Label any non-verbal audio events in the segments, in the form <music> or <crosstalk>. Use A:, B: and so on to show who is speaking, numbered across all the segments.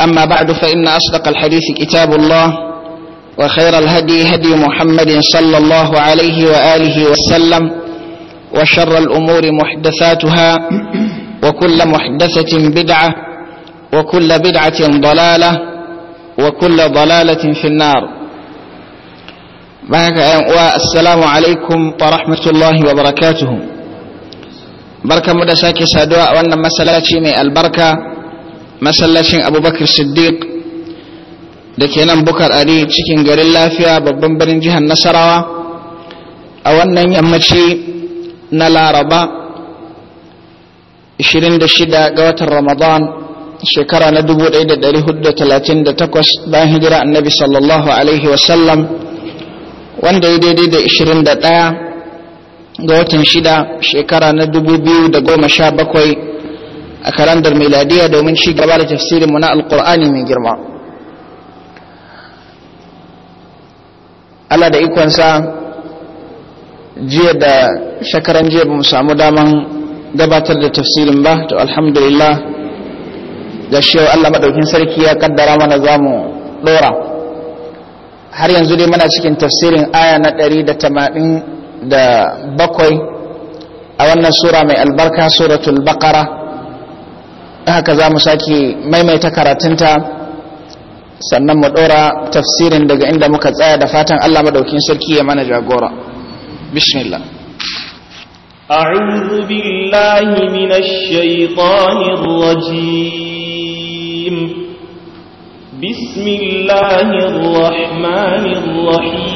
A: أما بعد فإن أصدق الحديث كتاب الله وخير الهدي هدي محمد صلى الله عليه وآله وسلم وشر الأمور محدثاتها وكل محدثة بدعة وكل بدعة ضلالة وكل ضلالة في النار والسلام عليكم ورحمة الله وبركاته بركة مدساكي سادواء وأن مسألة شيمي البركة masallacin abubakar siddiq da ke nan bukar ari cikin garin lafiya babban birnin jihar nasarawa a wannan yammaci na laraba 26 ga watan ramadan shekara na 1438 bayan hijira annabi sallallahu alaihi wasallam wanda ya daidai da 21 ga watan 6 shekara na 2017 a kalandar miladiya domin shi gaba da tafsirinmu na alkur'ani mai girma Allah da ikonsa jiya da shakaran jiya ba mu samu daman gabatar da tafsirin ba to alhamdulillah da shi Allah maɗaukin sarki ya kaddara mana za mu ɗora har yanzu dai muna cikin tafsirin aya na ɗari da tamanin da bakwai a wannan sura mai albarka suratul baqara haka za mu sake maimaita karatunta sannan mu ɗora tafsirin daga inda muka tsaya da fatan Allah madaukin sarki ya mana jagora bismillah
B: a'udhu billahi minash الشيطان rajim bismillahir rahmanir rahim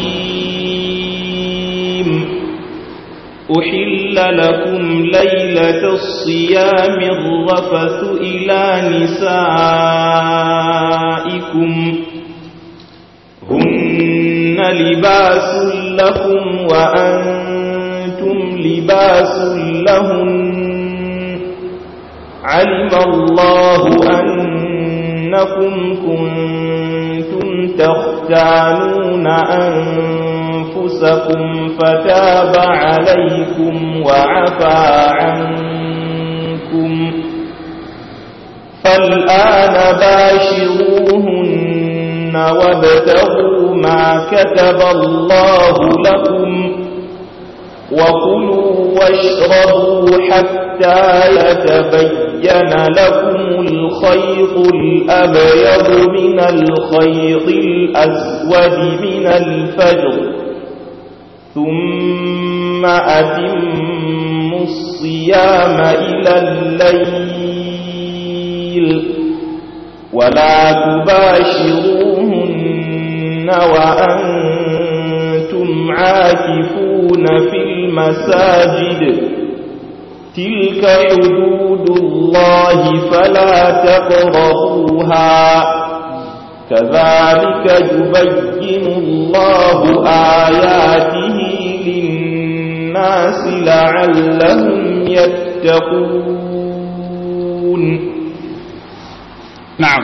B: أحل لكم ليلة الصيام الرفث إلى نسائكم هن لباس لكم وأنتم لباس لهم علم الله أنكم كنتم تختانون أنفسكم أنفسكم فتاب عليكم وعفى عنكم فالآن باشروهن وابتغوا ما كتب الله لكم وكلوا واشربوا حتى يتبين لكم الخيط الأبيض من الخيط الأسود من الفجر ثم أتم الصيام إلى الليل ولا تباشروهن وأنتم عاكفون في المساجد تلك حدود الله فلا تقربوها كذلك يبين الله آياته للناس لعلهم يتقون نعم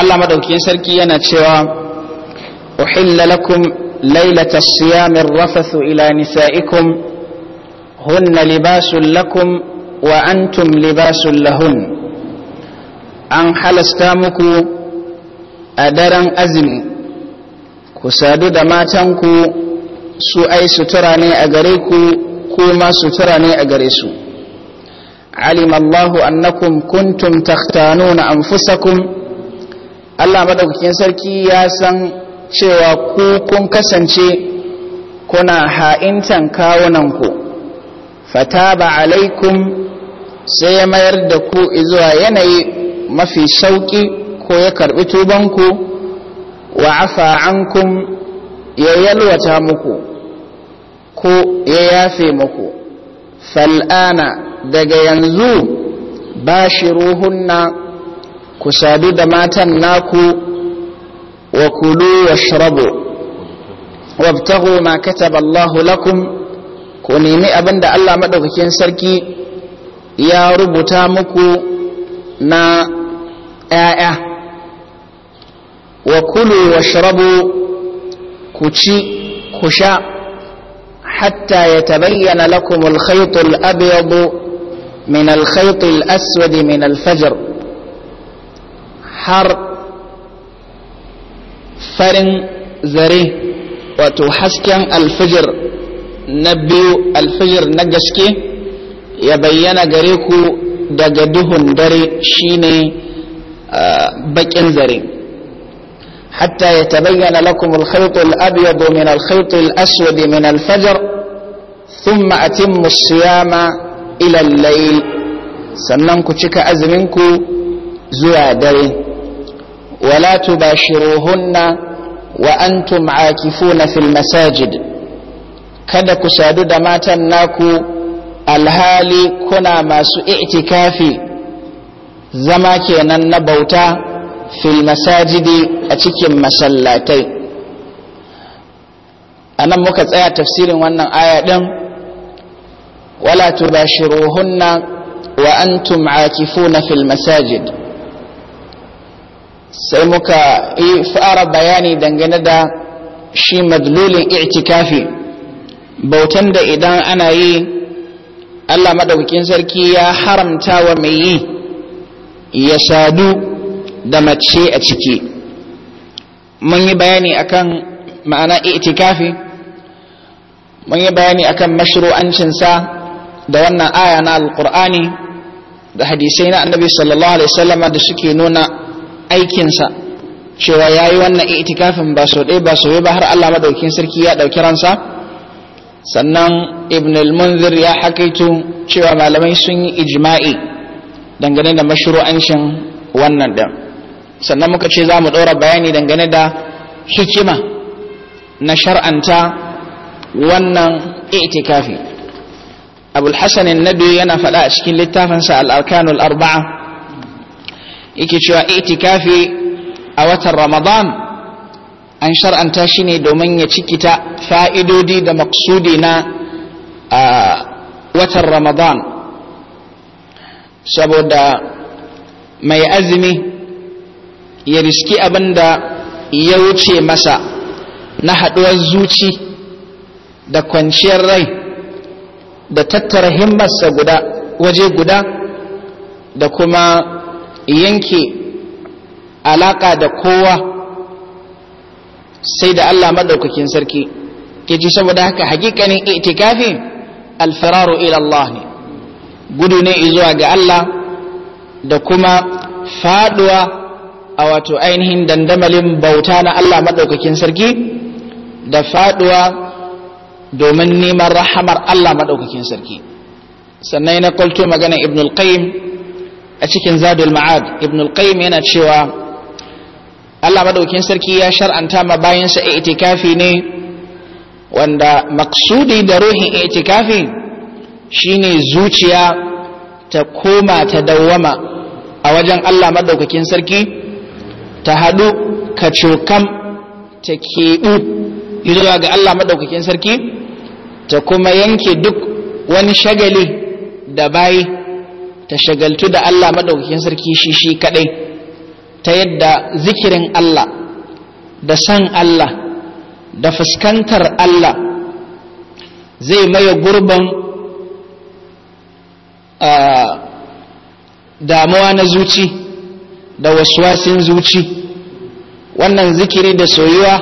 B: الله مدوكين سركي yana
A: cewa uhilla lakum lailata siyamir rafathu ila nisaikum hunna libasun lakum wa antum libasun lahun an halasta muku a daren azumi ku sadu da matanku su ai sutura ne a gare ku ma sutura ne a gare su alim Allahu annakum kuntum takhtanuna anfusakum Allah madaukakin sarki ya san cewa ku kun kasance kuna ha'intan kawunanku fataba alaikum sai ya mayar da ku zuwa yanayi mafi sauƙi ko ya karɓi tubanku wa afa ankum ya yalwata muku ko ya yafe muku fal'ana daga yanzu ba shi ruhunna ku sadu da matan naku wa kulu wa shirabu wabtahu ma kataba Allahu lakum ku nemi abinda Allah maɗaukakin sarki ya rubuta muku na ‘ya'ya wa kulu wa shirabu ku ci ku sha hatta ya tabayyana lakum alkhaytul abyadu min alkhaytul aswad min alfajr har farin zare wato hasken alfajir na biyu alfajir na gaske ya bayyana gare ku daga duhun dare shine bakin zare حتى يتبين لكم الخيط الأبيض من الخيط الأسود من الفجر ثم أتم الصيام إلى الليل سننكو تشك أزمنكو زوادري ولا تباشروهن وأنتم عاكفون في المساجد kada ku sadu da matan naku alhali كافي masu i'tikafi fil masajidi a cikin masallatai a nan muka tsaya tafsirin wannan aya ɗin wala tubashiruhunna wa antum akifuna fil masajid sai muka yi fara bayani dangane da shi madlulin i'tikafi bautan da idan ana yi Allah maɗaukakin sarki ya haramta wa mai yi ya sadu da mace a ciki mun yi bayani akan ma'ana itikafi mun yi bayani akan mashru'ancinsa da wannan aya na alqur'ani da hadisai na annabi sallallahu alaihi wasallam da suke nuna aikinsa cewa ya yi wannan itikafin ba so ɗaya ba so ba har Allah madaukin sarki ya ɗauki ransa sannan ibn al-munzir ya hakaito cewa malamai sun yi ijma'i dangane da mashru'ancin wannan ɗin sannan muka ce za mu ɗora bayani dangane da hikima na shar'anta wannan itikafi abul hasanin nabi yana faɗa a cikin littafinsa al'arkanul arba'a yake cewa itikafi a watan ramadan an shar'anta shi ne domin ya cikita fa'idodi da maksudi na watan ramadan saboda mai azumi ya riski abin da ya wuce masa na haɗuwar zuci da kwanciyar rai da tattara himmarsa guda waje guda da kuma yanke alaƙa da kowa sai da Allah maɗaukakin sarki ke ji saboda haka hakikanin itikafi alfiraru ila Allah ne gudu ne zuwa ga Allah da kuma faɗuwa a wato ainihin dandamalin bauta na Allah maɗaukakin sarki da faɗuwa domin neman rahamar Allah maɗaukakin sarki sannan na kwalto magana ibn al-qayyim a cikin zadul ma'ad ibn al-qayyim yana cewa Allah maɗaukakin sarki ya shar'anta ma bayansa itikafi ne wanda maksudi da ruhin itikafi shine zuciya ta koma ta dawwama a wajen Allah maɗaukakin sarki ta haɗu ka cokam ta keɓu zuwa ga Allah maɗaukakin sarki ta kuma yanke duk wani shagali da bayi ta shagaltu da Allah maɗaukakin sarki shi shi kaɗai ta yadda zikirin Allah da san Allah da fuskantar Allah zai maye gurbin ah, damuwa na zuci da waswasin zuci wannan zikiri da soyuwa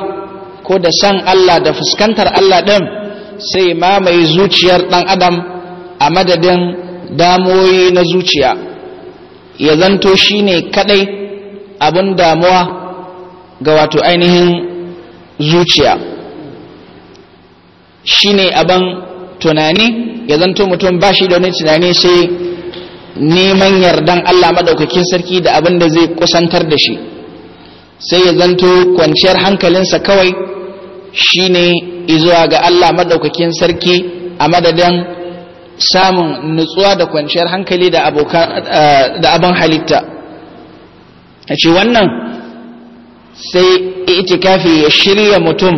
A: ko da san Allah da fuskantar Allah ɗin sai mamaye zuciyar ɗan adam a madadin damoyi na zuciya ya zanto shi ne kaɗai abin damuwa ga wato ainihin zuciya shi ne abin tunani ya zanto mutum ba shi da wani tunani sai neman yardan Allah madaukakin sarki da abin da zai kusantar da shi sai ya zanto kwanciyar hankalinsa kawai shine izuwa ga Allah madaukakin sarki a madadin samun nutsuwa da kwanciyar hankali da abin halitta a ce wannan sai itikafi ya shirya mutum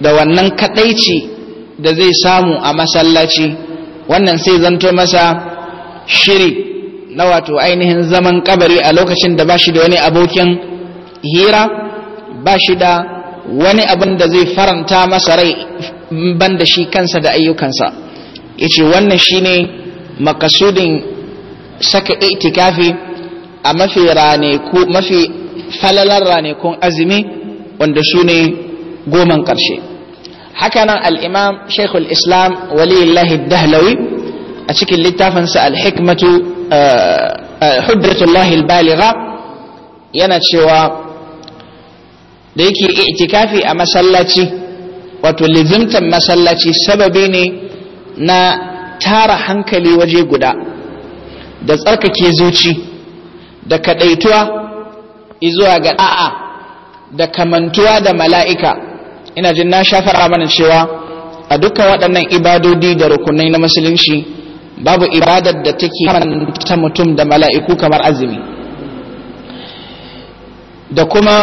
A: da wannan kadaici da zai samu a masallaci wannan sai zanto masa shiri na wato ainihin zaman kabari a lokacin da ba shi da wani abokin hira ba shi da wani abin da zai faranta masa rai ban da shi kansa da ayyukansa ya ce wannan shine makasudin saka itikafi a mafi mafi falalar ranakun azumi wanda su ne goman ƙarshe hakanan al'imam shekul islam waliyullahi dahlawi a cikin littafinsa alhikmatu eh, eh, hujjatullahi baliga yana cewa da yake itikafi a masallaci wato lizimtar masallaci sababi ne na tara hankali waje guda da tsarkake zuci da kadaituwa izuwa ga a'a da kamantuwa da mala'ika ina jin na sha fara mana cewa a dukkan waɗannan ibadodi da rukunai na musulunci babu ibadar da take ta mutum da mala'iku kamar azumi da kuma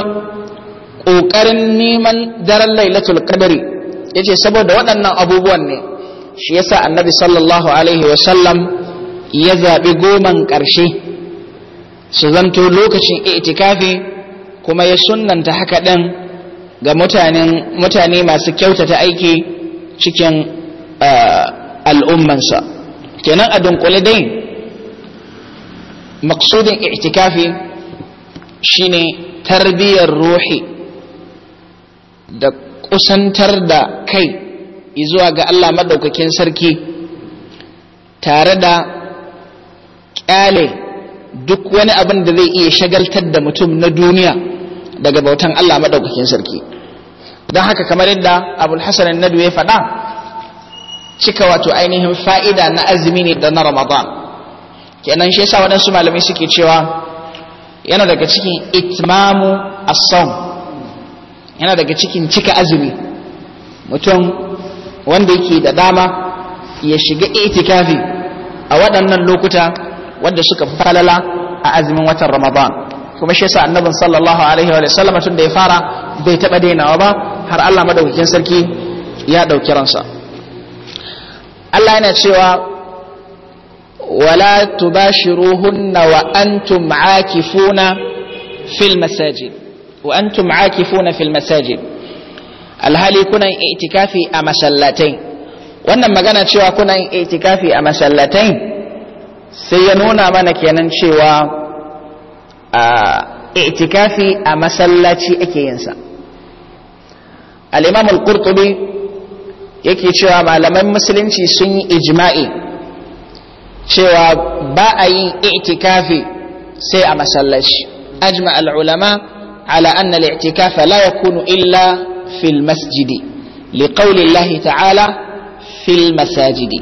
A: ƙoƙarin neman daren lailatul qadari yace saboda waɗannan abubuwan ne shi yasa annabi sallallahu alaihi wa sallam ya zaɓi goman ƙarshe su zanto lokacin itikafi kuma ya sunnanta haka ɗin ga mutane masu kyautata aiki cikin al'ummansa kenan a dunkule dai maksudin itikafi shine tarbiyyar ruhi da kusantar da kai izuwa ga Allah Madaukakin sarki tare da ƙyale duk wani abin da zai iya shagaltar da mutum na duniya daga bautan Allah madaukakin sarki don haka kamar yadda abul hasan nadu ya faɗa cika wato ainihin fa'ida na azumi ne da na ramadan kenan shi yasa waɗansu malamai suke cewa yana daga cikin itmamu as-sawm yana daga cikin cika azumi mutum wanda yake da dama ya shiga itikafi a waɗannan lokuta wanda suka falala a azumin watan ramadan kuma shi yasa annabin sallallahu alaihi wa sallam tun da ya fara bai taba dainawa ba har Allah madaukakin sarki ya dauki ransa Allah yana cewa wala tubashiruhunna wa antum aakifuna fil masajid wa antum aakifuna fil masajid alhali kuna itikafi a masallatai wannan magana cewa kuna itikafi a masallatai sai ya nuna mana kenan cewa itikafi a masallaci ake yinsa al-imam al-qurtubi yake cewa malaman musulunci sun yi ijma'i cewa ba a yin itikafi sai a masallaci ajma al-ulama ala anna al-itikafa la yakunu illa fil masjidi liqawli Allah ta'ala fil masajidi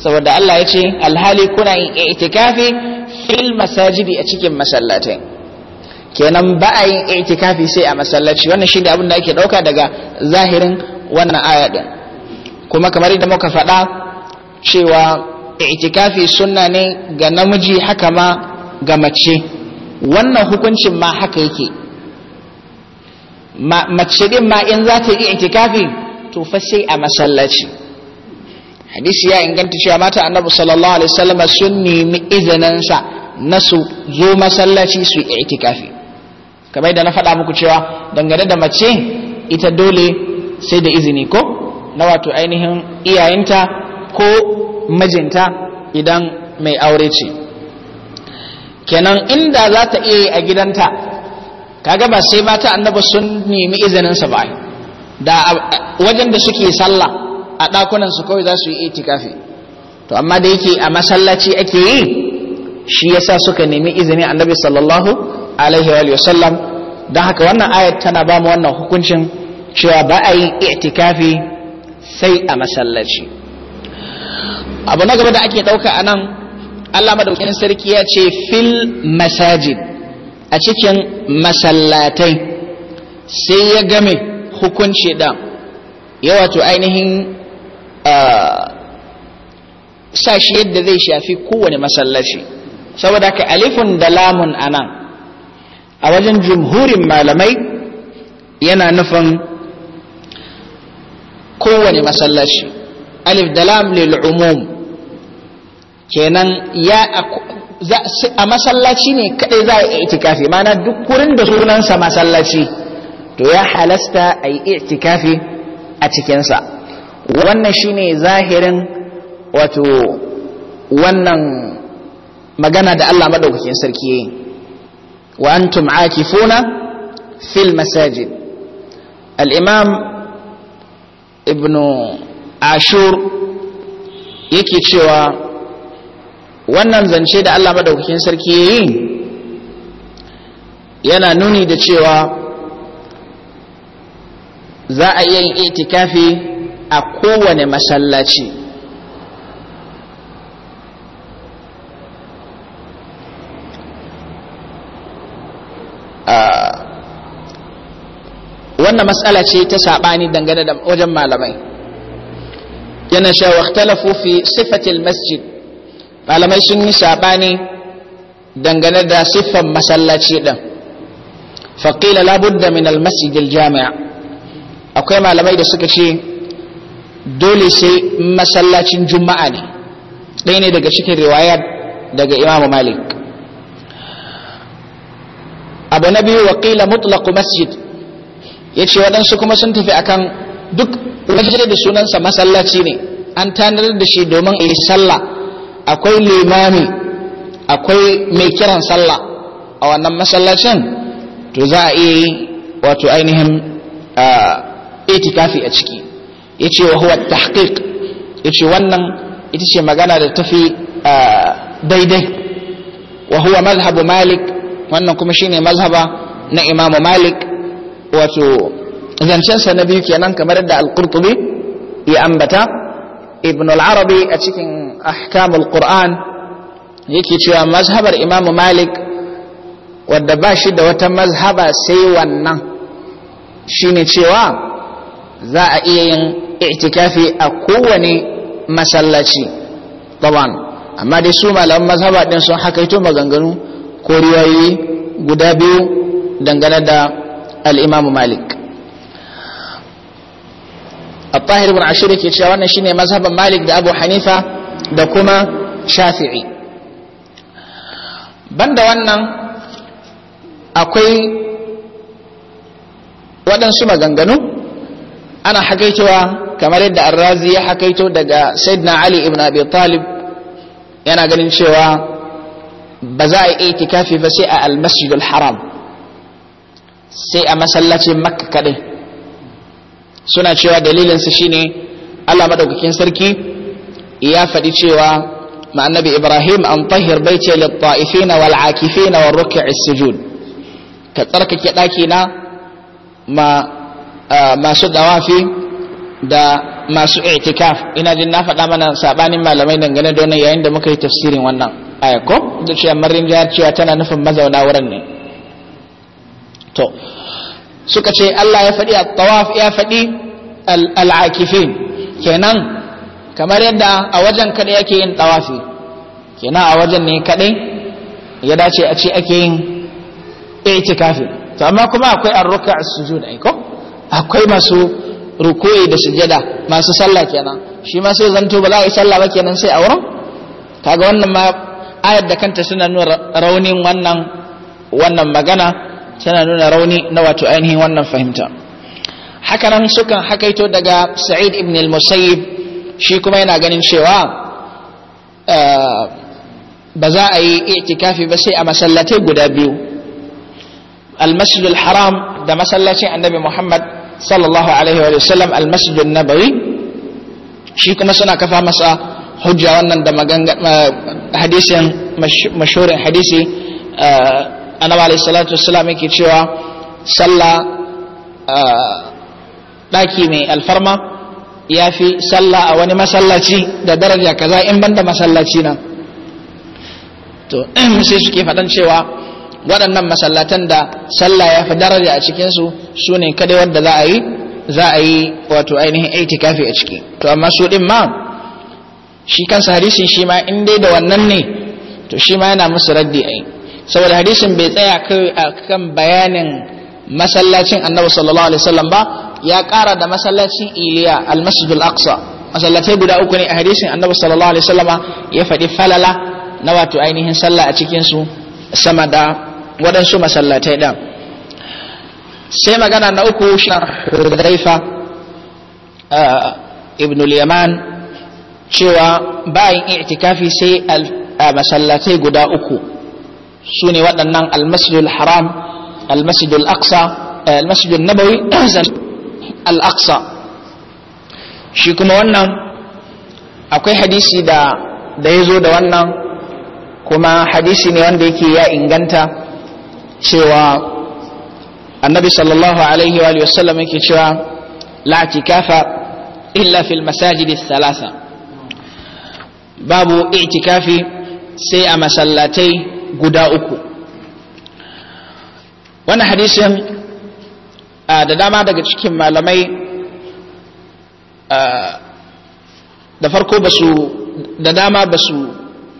A: saboda Allah ya ce alhali kuna yin itikafi fil masajidi a cikin masallatai kenan ba a yin itikafi sai a masallaci wannan ne abin da ake dauka daga zahirin wannan aya din kuma kamar yadda muka faɗa cewa itikafi sunna ne ga namiji haka ma ga mace wannan hukuncin ma haka yake mace din ma in za ta yi itikafi to fa sai a masallaci hadisi ya inganta cewa mata annabi sallallahu alaihi wasallam sun nemi izinin sa na su zo masallaci su yi itikafi kamar da na faɗa muku cewa dangane da mace ita dole sai da izini ko na wato ainihin iyayenta ko majinta idan mai aure ce kenan inda za ta iya yi a gidanta kaga ba sai mata annabi sun nemi izinin sa ba da wajen da suke sallah a ɗakunan su kawai za su yi itikafi to amma da yake a masallaci ake yi shi yasa suka nemi izini annabi sallallahu alaihi wa sallam don haka wannan ayat tana ba mu wannan hukuncin cewa ba a yi itikafi sai a masallaci abu na gaba da ake ɗauka a nan allah madaukakin sarki ya ce fil masajid a cikin masallatai sai ya game hukunci da Yawa wato ainihin sa shi yadda zai shafi kowane masallaci saboda ka alifun da lamun anan a wajen jumhurin malamai yana nufin kowane masallaci alif da lam lil umum kenan ya a masallaci ne kadai za a yi itikafi mana duk wurin da sunansa masallaci to ya halasta a yi itikafi a cikinsa wannan shine zahirin wato wannan magana da Allah madaukakin sarki yayin wa antum akifuna fil masajid al-imam Ibn ashur yake cewa wannan zance da Allah madaukakin sarki yayi yana nuni da cewa za a iya yin itikafi a kowane masallaci ah, wannan matsala ce ta saɓani dangane da wajen malamai yana sha waktalafu fi sifatil masjid malamai sun yi saɓani dangane da siffan masallaci ɗin faƙila labudda min almasjidil jami'a akwai malamai da suka ce dole sai masallacin juma'a ne ɗaya ne daga cikin riwaya daga imam malik abu na biyu waƙila mutlaku masjid ya ce waɗansu kuma sun tafi akan duk masjid da sunansa masallaci ne an tanar da shi domin a yi sallah akwai limami akwai mai kiran sallah a wannan masallacin to za a iya yi wato ainihin ah, itikafi a ciki ya ce wa huwa tahqiq ya ce wannan ita ce magana da tafi daidai wa huwa mazhabu malik wannan kuma shine mazhaba na imam malik wato zancensa na biyu kenan kamar da al-qurtubi ya ambata ibn al-arabi a cikin ahkamul qur'an yake cewa mazhabar imamu malik wadda ba shi da wata mazhaba sai wannan shine cewa za a iya yin itikafi a kowane masallaci taban amma dai su malaman mazhaba din sun hakaito maganganu ko riwayoyi guda biyu dangane da al-Imam Malik Al-Tahir ibn Ashur yake cewa wannan shine mazhaban Malik da Abu Hanifa da kuma Shafi'i banda wannan akwai waɗansu maganganu ana hakaitowa kamar yadda arrazi ya hakaito daga sayyidina ali ibn abi talib yana ganin cewa ba za a yi itikafi ba sai a almasjidul haram sai a masallacin makka kaɗai suna cewa dalilinsa shine allah madaukakin sarki ya faɗi cewa ma annabi ibrahim an tahir baiti lil ta'ifina wal akifina wal ruk'i sujud ka tsarkake ɗaki na ma masu dawafi da masu itikaf ina jin na faɗa mana sabanin malamai dangane da wannan yayin da muka yi tafsirin wannan aya ko da cewa marin ya cewa tana nufin mazauna wurin ne to suka ce Allah ya faɗi at-tawaf ya faɗi al-akifin kenan kamar yadda a wajen kada yake yin tawafi kenan a wajen ne kadai ya dace a ce ake yin itikafi to amma kuma akwai ar-ruka' as-sujud ai ko akwai masu ruku'i da sujada masu sallah kenan shi ma sai zanto ba za a yi sallah ba kenan sai wurin. kaga wannan ma ayar da kanta suna nuna raunin wannan wannan magana suna nuna rauni na wato ainihin wannan fahimta haka nan sukan hakaito daga sa'id ibn al-musayyib shi kuma yana ganin cewa eh, ba za a yi itikafi ba sai a masallatai guda biyu al-masjidul haram da masallacin annabi muhammad sallallahu alaihi wa sallam almasjidun nabawi shi kuma suna kafa masa hujja wannan da hadisin mashhurin hadisi eh, annabi alaihi salatu wassalam yake cewa sallah eh, daki mai alfarma ya fi sallah a wani masallaci da daraja kaza in banda masallaci na to <clears throat> sai suke faɗan cewa waɗannan masallatan da sallah ya fi daraja a cikinsu su ne kadai wanda za a yi za a yi wato ainihin itikafi a ciki to amma su ɗin ma shi kansa hadisin shi ma in dai da wannan ne to shi ma yana musu raddi a yi saboda hadisin bai tsaya a kan bayanin masallacin annabi sallallahu alaihi wasallam ba ya ƙara da masallacin iliya almasjidul aqsa masallatai guda uku ne a hadisin annabi sallallahu alaihi wasallama ya faɗi falala na wato ainihin sallah a cikinsu sama da waɗansu masallatai ɗan sai magana na uku shar hudaifa ibn yaman cewa bayan i'tikafi sai masallatai guda uku su ne waɗannan almasjidul haram almasjidul aqsa eh, almasjidul nabawi <coughs> al-aqsa shi kuma wannan akwai hadisi da da ya zo da wannan kuma hadisi ne wanda yake ya inganta cewa annabi sallallahu alaihi wa sallam yake cewa la itikafa illa fil masajidi thalatha babu itikafi sai a masallatai guda uku wani hadisin da dama daga cikin malamai da farko da dama basu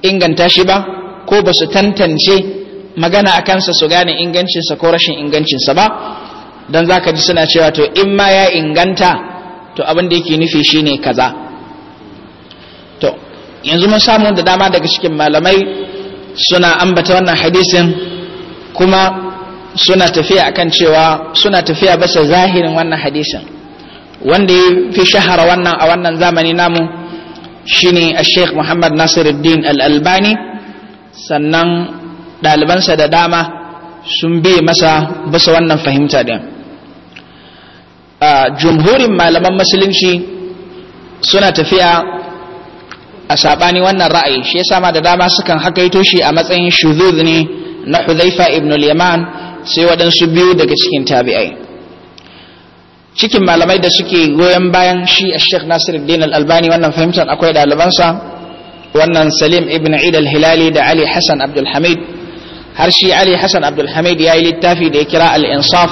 A: inganta shi ba ko basu tantance magana a kansa su gane ingancinsa ko rashin ingancinsa ba don za ka ji suna cewa to in ma ya inganta to abin da yake nufi shi ne kaza to yanzu mun samu da dama daga cikin malamai suna ambata wannan hadisin kuma suna tafiya akan cewa suna tafiya basa zahirin wannan hadisin wanda ya fi shahara wannan a wannan zamani namu shine a sheikh muhammad nasiruddin al-albani sannan ɗalibansa da dama sun bi masa basa wannan fahimta ɗin jumhurin malaman musulunci suna tafiya a saɓani wannan ra'ayi shi yasa sama da dama sukan hakaito shi a matsayin shuzuz ne na huzaifa ibn yaman sai waɗansu biyu daga cikin tabi'ai cikin malamai da suke goyon bayan shi a sheikh din al-albani wannan fahimtar akwai ɗalibansa wannan salim ibn eid al-hilali da ali hassan abdulhamid har shi ali hassan abdulhamid ya yi littafi da ya kira al-insaf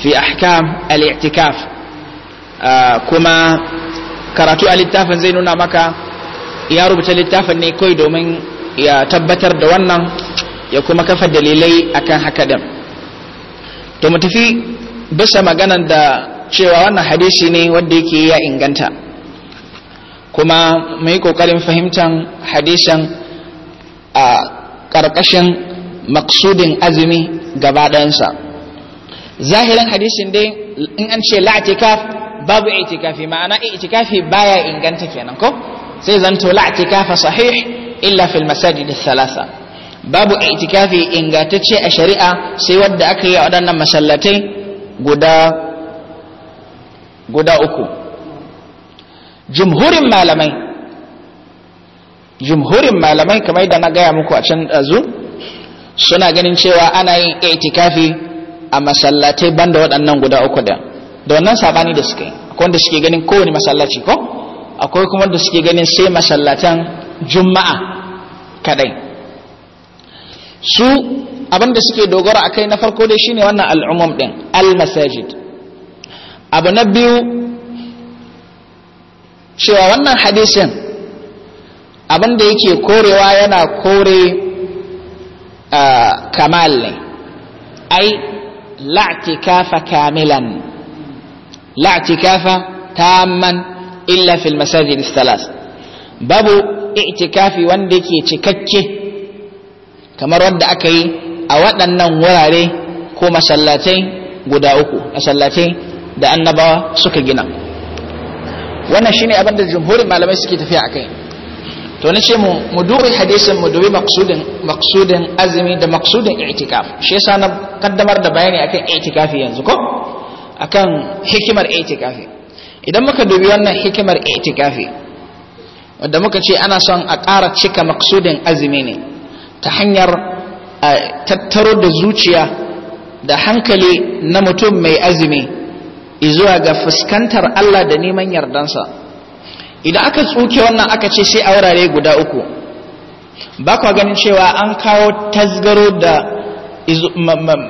A: fi ahkam al-i'tikaf ah, kuma karatu a littafin zai nuna maka ya rubuta littafin ne kawai domin ya tabbatar da wannan ya kuma kafa dalilai akan haka din to mu tafi bisa maganan da cewa wannan hadisi ne wanda yake ya inganta kuma mai kokarin fahimtar hadisan a ƙarƙashin maksudin azumi gaba zahirin hadisin dai in an ce la'atikaf babu itikafi ma'ana itikafi baya inganta kenan ko sai zanto la'atikafa sahih illa fil masajid thalatha babu itikafi ingantacce a shari'a sai wadda aka yi a waɗannan masallatai guda guda uku jumhurin malamai jumhurin malamai kamar da na gaya muku a can ɗazu suna ganin cewa ana yin itikafi a masallatai banda waɗannan guda uku da da wannan sabani da suke akwai wanda suke ganin kowane masallaci ko akwai kuma wanda suke ganin sai masallatan juma'a kadai su abinda suke dogara akai na farko dai shine wannan al'umum din al-masajid abu na biyu cewa wannan hadisin abinda yake korewa yana kore kamal ne ai la'tikafa kamilan la'tikafa tamman illa fil masajid babu i'tikafi wanda yake cikakke kamar wanda aka yi a waɗannan wurare ko masallatai guda uku masallatai da annabawa suka gina wannan shine abin da jumhurin malamai suke tafiya a kai. to nace mu mu dubi hadisin mu dubi maqsudin maqsudin azmi da maqsudin i'tikaf shi yasa na kaddamar da bayani akan i'tikafi yanzu ko akan hikimar i'tikafi idan muka dubi wannan hikimar i'tikafi wanda muka ce ana son a ƙara cika maqsudin azumi ne ta hanyar tattaro da zuciya da hankali na mutum mai azumi izuwa ga fuskantar Allah da neman yardansa idan aka tsuke wannan aka ce sai a wurare guda uku ba kwa ganin cewa an kawo tasgaro da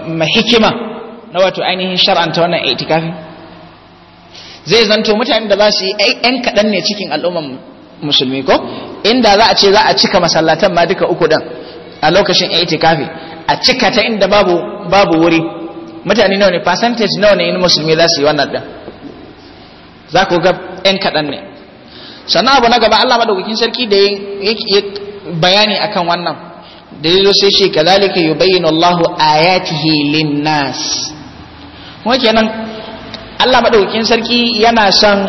A: mahikima. na wato ainihin shar'anta wannan itikafin zai zanto mutane da za su yi ‘yan kaɗan ne cikin al'umman musulmi ko inda za a ce za a cika masallatan ma duka uku dan a lokacin itikafi a cika ta inda babu wuri mutane nawa ne percentage nawa ne in musulmi za su yi wannan dan? za ku ga ɗan kaɗan ne sannan abu na gaba Allah madaukakin sarki da ya bayani akan wannan da zo sai shi kazalika yubayyinu Allahu ayatihi nas kuma kenan Allah maɗaukakin sarki yana son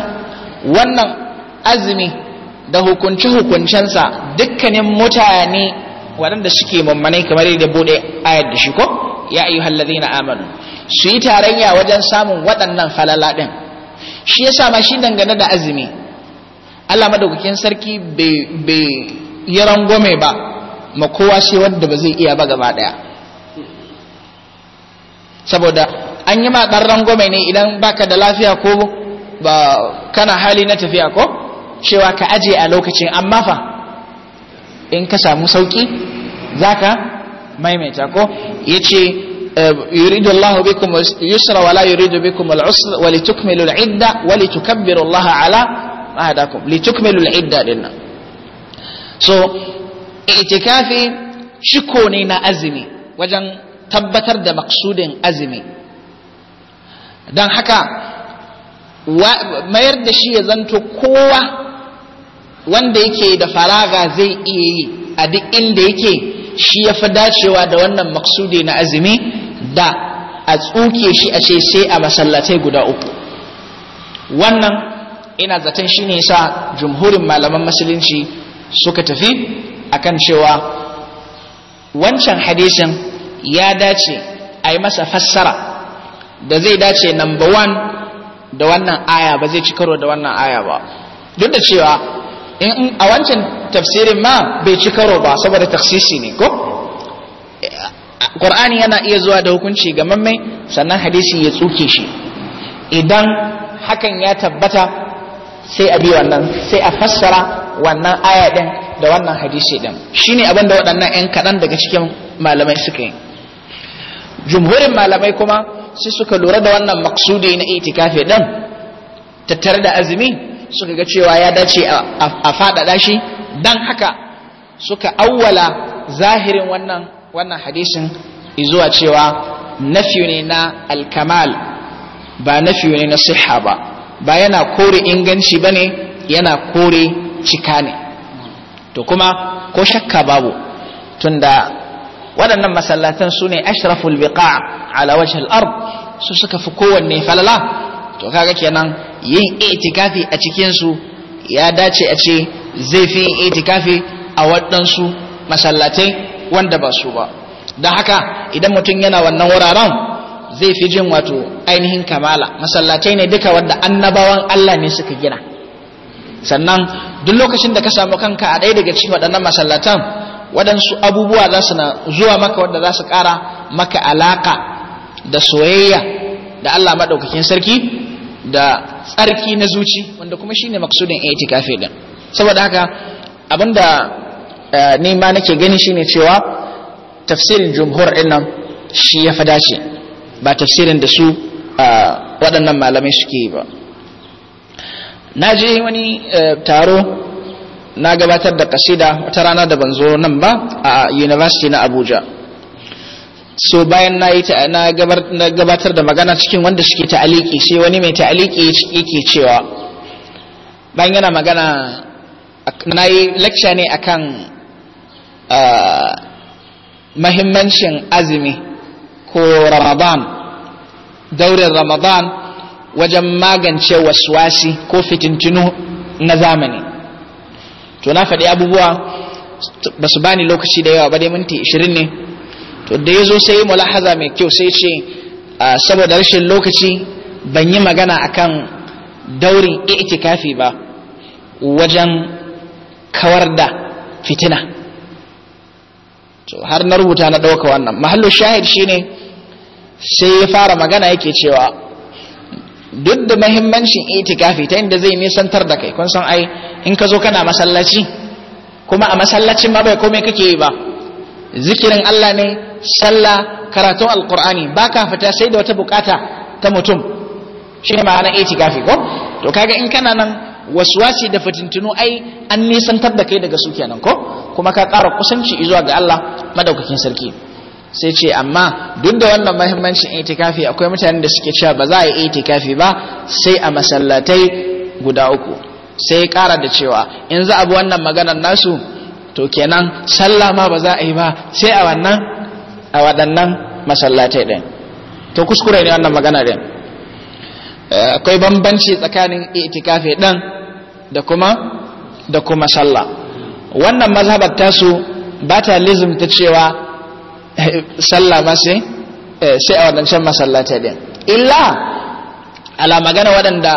A: wannan azumi da hukunci hukuncensa dukkanin mutane waɗanda suke mammanai kamar yadda buɗe ayar da shi ko ya na amanu su yi tarayya wajen samun waɗannan falala ɗin shi yasa ma shi dangane da azumi Allah madaukakin sarki bai yi rangwame ba ma kowa shi wanda ba zai iya ba gaba daya saboda an yi ma ɗan rangwame ne idan baka da lafiya ko ba kana hali na tafiya ko cewa ka aje a lokacin amma fa in ka samu sauki zaka maimaita ko yace يريد الله بكم اليسر ولا يريد بكم العسر ولتكملوا العدة ولتكبروا الله على ahadakum tukmilu al-idda dinna so itikafi shiko ne na azumi wajen tabbatar da maksudin azumi dan haka mayar da shi ya zanto kowa wanda yake da faraga zai iya yi a duk inda yake shi ya fi dacewa da wannan maksudi na azumi da a tsuke shi a sai a masallatai guda uku wannan ina zaton shi ne sa jumhurin malaman musulunci suka tafi akan cewa wancan hadisin ya dace a masa fassara da zai dace number one da wannan aya ba zai ci karo da wannan aya ba duk da cewa in a wancan tafsirin ma bai ci karo ba saboda taksisi ne ko ƙur'ani yana iya zuwa da hukunci ga mamman sannan hadisi ya tsuke shi idan hakan ya tabbata sai a bi wannan sai a fassara wannan aya din da wannan hadisi din shine abin da waɗannan ƴan kaɗan daga cikin malamai suka yi jumhurin malamai kuma sai suka lura da wannan maksudi na itikafi din tattare da azumi suka ga cewa ya dace a faɗaɗa shi dan haka suka awwala zahirin wannan wannan hadisin zuwa cewa nafiyu ne na alkamal ba nafiyu ne na siha ba ba yana kore inganci ba ne yana kore cika ne to kuma ko shakka babu tunda waɗannan masallatan su ne ashraful biqa ala wajhal ard su suka fi kowanne falala to kaga kenan yin itikafi a cikin su ya dace a ce zai fi yin itikafi a waɗansu masallatai wanda ba su ba don haka idan mutum yana wannan wuraren zai fi jin wato ainihin kamala masallatai ne duka wanda annabawan Allah ne suka gina sannan duk lokacin da ka samu kanka a ɗaya daga cikin waɗannan masallatan waɗansu abubuwa za su na zuwa maka wanda za su ƙara maka alaƙa da soyayya da Allah maɗaukakin sarki da tsarki na zuci wanda kuma shine maksudin itikafi din saboda haka abinda eh, ni ma nake gani shine cewa tafsirin jumhur ɗin nan shi ya fi dace ba tafsirin da su waɗannan malamai suke ba na je wani eh, taro na gabatar da kasida wata rana da ban zo nan ba a university na abuja so bayan na gabatar da magana cikin wanda suke ta'aliki sai wani mai ta'aliki yake cewa bayan yana magana na yi lecture ne akan mahimmancin azumi ko ramadan daurin ramadan wajen magance waswasi ko fitintinu na zamani to na faɗi abubuwa ba su bani lokaci da yawa ba dai minti 20 ne to da ya zo sai yi mulahaza mai kyau sai ce saboda rashin lokaci ban yi magana akan daurin itikafi ba wajen kawar da fitina to har na rubuta na ɗauka wannan mahallu shahid shine sai ya fara magana yake cewa duk da mahimmancin itikafi ta inda zai nisantar da kai kun san ai in ka zo kana masallaci kuma a masallacin ma bai komai kake yi ba zikirin Allah ne sallah karatun alqur'ani ba ka fita sai da wata bukata ta mutum shine ma'ana itikafi ko to kaga in kana nan waswasi da fitintinu ai an nisantar da kai daga su kenan ko kuma ka kara kusanci zuwa ga Allah madaukakin sarki sai ce amma duk da wannan mahimmancin itikafi akwai mutanen da suke cewa ba za a yi itikafi ba sai a masallatai guda uku sai kara da cewa in za a bi wannan maganar nasu to kenan sallah ma ba za a yi ba sai a wannan a waɗannan masallatai ɗin to kuskure ne wannan magana ɗin eh, akwai bambanci tsakanin itikafi ɗin da kuma da kuma sallah wannan mazhabar tasu ba ta ta cewa eh, sallah ma sai eh, sai a wadancan masallata din illa ala magana waɗanda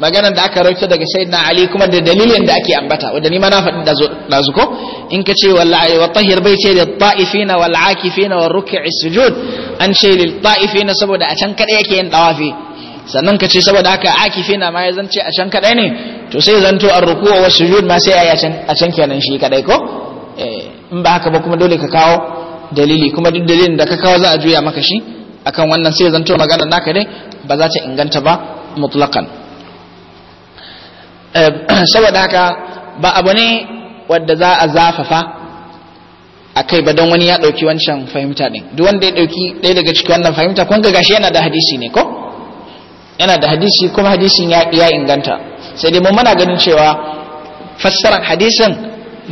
A: magana da aka rauta daga sayyidina ali kuma da dalilin da ake ambata wanda ni ma na faɗi da zuko in ka ce wallahi wa tahir bai ce da ta'ifina wal akifina wa ruk'i sujud an ce lil ta'ifina saboda a can kada yake yin tawafi sannan ka ce saboda haka akifi na ma ya zance a can kadai ne to sai zanto an rukuwa wa sujud ma sai yayi a can kenan shi kadai ko eh, in ba haka ba kuma dole ka kawo dalili kuma duk dalilin da ka kawo za a juya maka shi akan wannan sai zanto magana naka ne ba za ta inganta ba mutlaqan eh, <clears throat> saboda haka ba abu ne wanda za a zafafa a kai ba don wani ya ɗauki wancan fahimta ɗin duk wanda ya ɗauki ɗaya daga cikin wannan fahimta kun ga gashi yana da hadisi ne ko yana da hadisi kuma hadisin ya inganta sai dai mu muna ganin cewa fassarar hadisin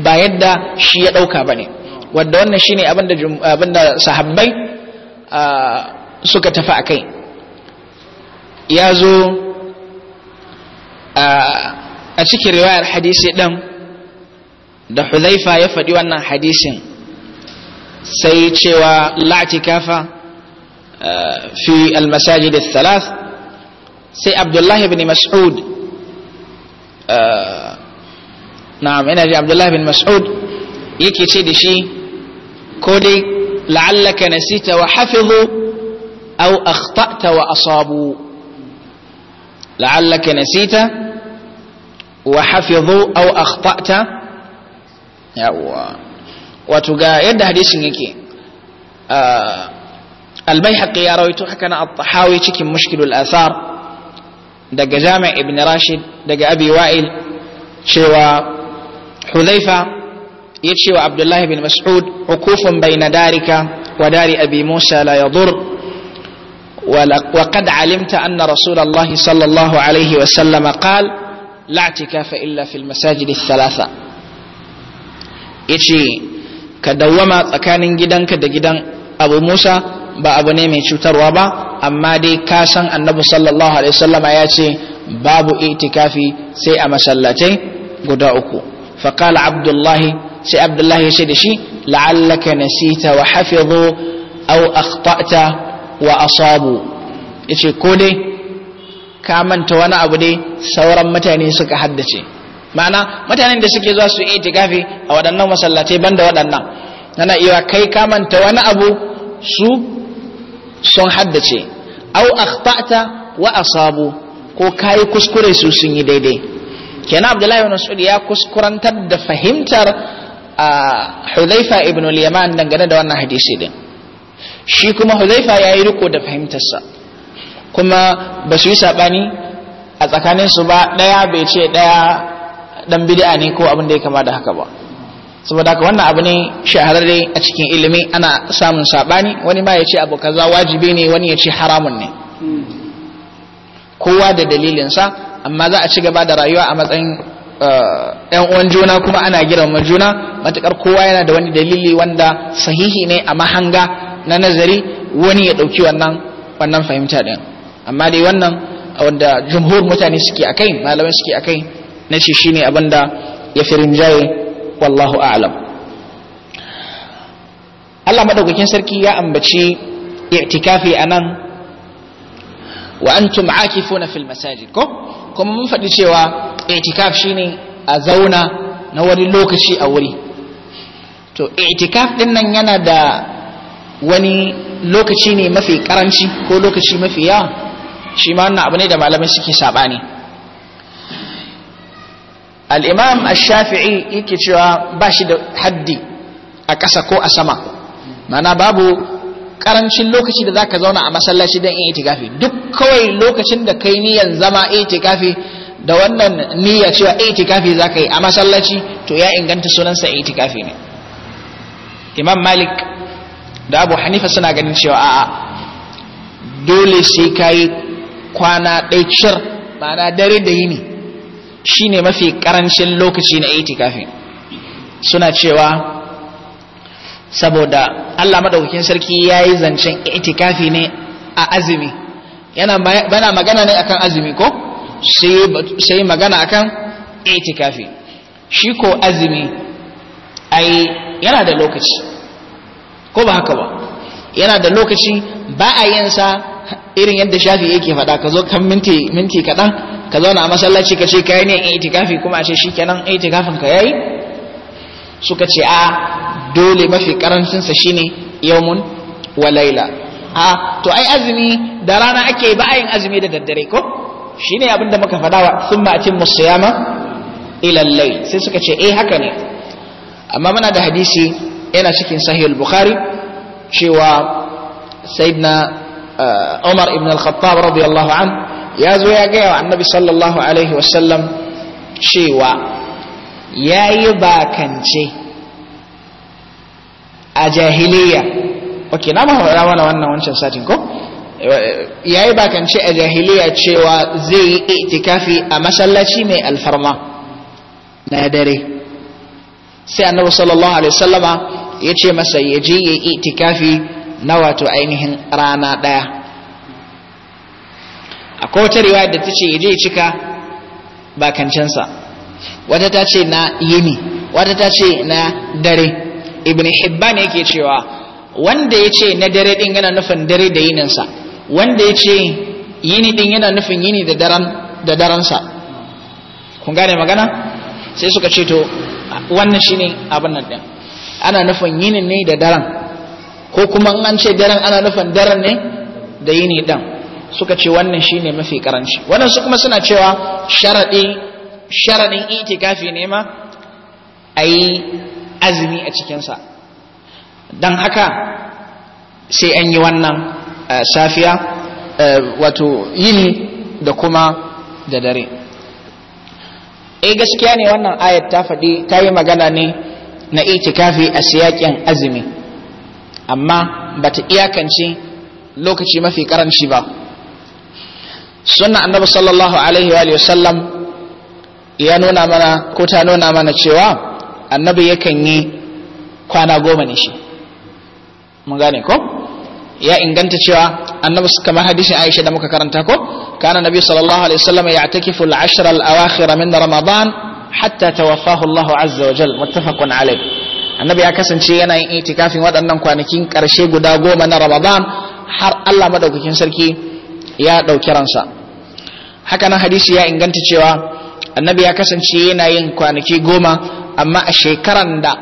A: ba yadda shi ya dauka bane wanda wannan shine abin da sahabbai suka tafi akai ya zo a cikin riwayar hadisi din da Hudhaifa ya faɗi wannan hadisin sai cewa la'tikafa fi al-masajid thalath sai abdullahi bin mas'ud na'am ina ji abdullahi bin mas'ud yake ce da shi ko dai la'allaka nasita wa hafizu aw akhta'ta wa asabu la'allaka nasita wa hafizu aw akhta'ta yawa wato ga yadda hadisin yake albayhaqi ya rawaito haka na at-tahawi cikin mushkilul athar daga jami'a ibn rashid daga abi wa'il cewa hudhaifa ya ce wa abdullahi bin mas'ud hukufun bai na darika wa dari abi musa la yadur wa qad alimta anna rasulullahi sallallahu alaihi wa sallam qal la tikafa illa fil masajid thalatha yace ka dawwama tsakanin gidanka da gidan abu musa ba abu ne mai cutarwa ba amma dai ka san annabi sallallahu alaihi wasallama ya ce babu itikafi sai a masallatai guda uku faqala abdullahi sai abdullahi ya ce da shi la'allaka nasita wa hafizu aw akhta'ta wa asabu yace ko dai ka manta wani abu dai sauran mutane suka haddace ma'ana mutanen da suke zuwa su itikafi a waɗannan masallatai banda waɗannan nana iya kai ka manta wani abu su sun haddace au akhta'ta wa asabu ko kayi kuskure su sun yi daidai kenan abdullahi ibn mas'ud ya kuskurantar da fahimtar Hudhaifa ibn al-Yaman dangane da wannan hadisi din shi kuma Hudhaifa yi riko da fahimtarsa kuma ba su yi sabani a tsakaninsu ba daya bai ce daya dan bid'a ne ko abin da ya kama da haka ba saboda ka wannan abu ne shahararre a cikin ilimi ana samun saɓani wani ma ya ce abu kaza wajibi ne wani ya ce haramun ne kowa da dalilinsa amma za a ci gaba da rayuwa a matsayin eh, yan uwan juna kuma ana girma juna matukar kowa yana da wani dalili wanda sahihi ne a mahanga na nazari wani ya ɗauki wannan wannan fahimta din amma dai wannan wanda jumhur mutane suke akai malamai suke akai nace shine abinda ya firin jaye wallahu a'lam Allah madaukakin sarki ya ambaci i'tikafi anan wa antum akifuna fil masajid ko kuma mun faɗi cewa i'tikaf shine a zauna na wani lokaci a wuri to i'tikaf din nan yana da wani lokaci ne mafi karanci ko lokaci mafi yawa shi ma wannan abu ne da malamai suke sabani al'imam al-shafi'i yake cewa ba shi da haddi a ƙasa ko a sama mana babu ƙarancin lokaci da za ka zauna a masallaci don iya itikafi duk kawai lokacin da kai niyan zama itikafi da wannan niyya cewa itikafi za ka yi a masallaci to ya inganta sunansa itikafi ne imam malik da abu hanifa suna ganin cewa a'a dole sai ka yi kwana ɗaya ma'ana dare da yini shine mafi karancin lokaci na itikafin suna cewa saboda Allah madaukakin sarki yayi zancen itikafi ne a azumi yana bana magana ne akan azumi ko sai magana akan itikafi shi ko azumi ai yana da lokaci ko ba haka ba yana da lokaci ba a yin sa irin yadda shafi yake faɗa ka zo kan minti minti kaɗan ka zauna a masallaci ka ce kayi ne itikafi kuma a ce shi kenan itikafin ka yayi suka ce a dole mafi karancinsa shine yawmun wa laila a to ai azumi da rana ake ba yin azumi da daddare ko shine abin da muka faɗa wa thumma atimmu siyama ila al-layl sai suka ce eh haka ne amma muna da hadisi yana cikin sahih al-bukhari cewa sayyidina عمر ابن الخطاب رضي الله عنه يا زويا جاء النبي صلى الله عليه وسلم شيوا يا يبا كنجي أجاهلية أوكي نعم هو لا وانا وانا وانشان ساتنكو يا يبا كنجي أجاهلية شيوا زي اعتكافي أمسال لشيمي الفرما نادري سي النبي صلى الله عليه وسلم يتشي مسا يجي اعتكافي na wato ainihin rana ɗaya akwai wata riwaya da ta ce ya je cika bakancinsa wata ta ce na yini wata ta ce na dare ibn hibban yake cewa wanda ya ce na dare ɗin yana nufin dare da yininsa wanda ya ce yini ɗin yana nufin yini da daransa kun gane magana sai suka ce to wannan shine abin nan ɗin ana nufin yinin ne da daren ko kuma an ce daren ana nufin daren ne da yini dan suka ce wannan shine mafi karanci wannan kuma suna cewa sharadi sharadin itikafi ne ma ayi azumi a cikinsa sa dan haka sai an yi wannan safiya wato yini da kuma da dare eh gaskiya ne wannan ayat ta faɗi ta yi magana ne na itikafi a siyakin azumi amma ba ta iyakance lokaci mafi karanci ba sunna annabi sallallahu alaihi wa sallam ya nuna mana ko ta nuna mana cewa annabi yakan yi kwana goma ne shi mun gane ko ya inganta cewa annabi kamar hadisin Aisha da muka karanta ko kana nabi sallallahu alaihi wasallam ya'takifu al-ashr al-awakhir min ramadan hatta tawaffahu Allah azza wa jalla muttafaqun alayh annabi ya kasance yana yin itikafin waɗannan kwanakin ƙarshe guda goma na ramadan har allah madaukakin sarki ya ɗauki ransa haka nan hadisi ya inganta cewa annabi ya kasance yana yin kwanaki goma amma a shekaran da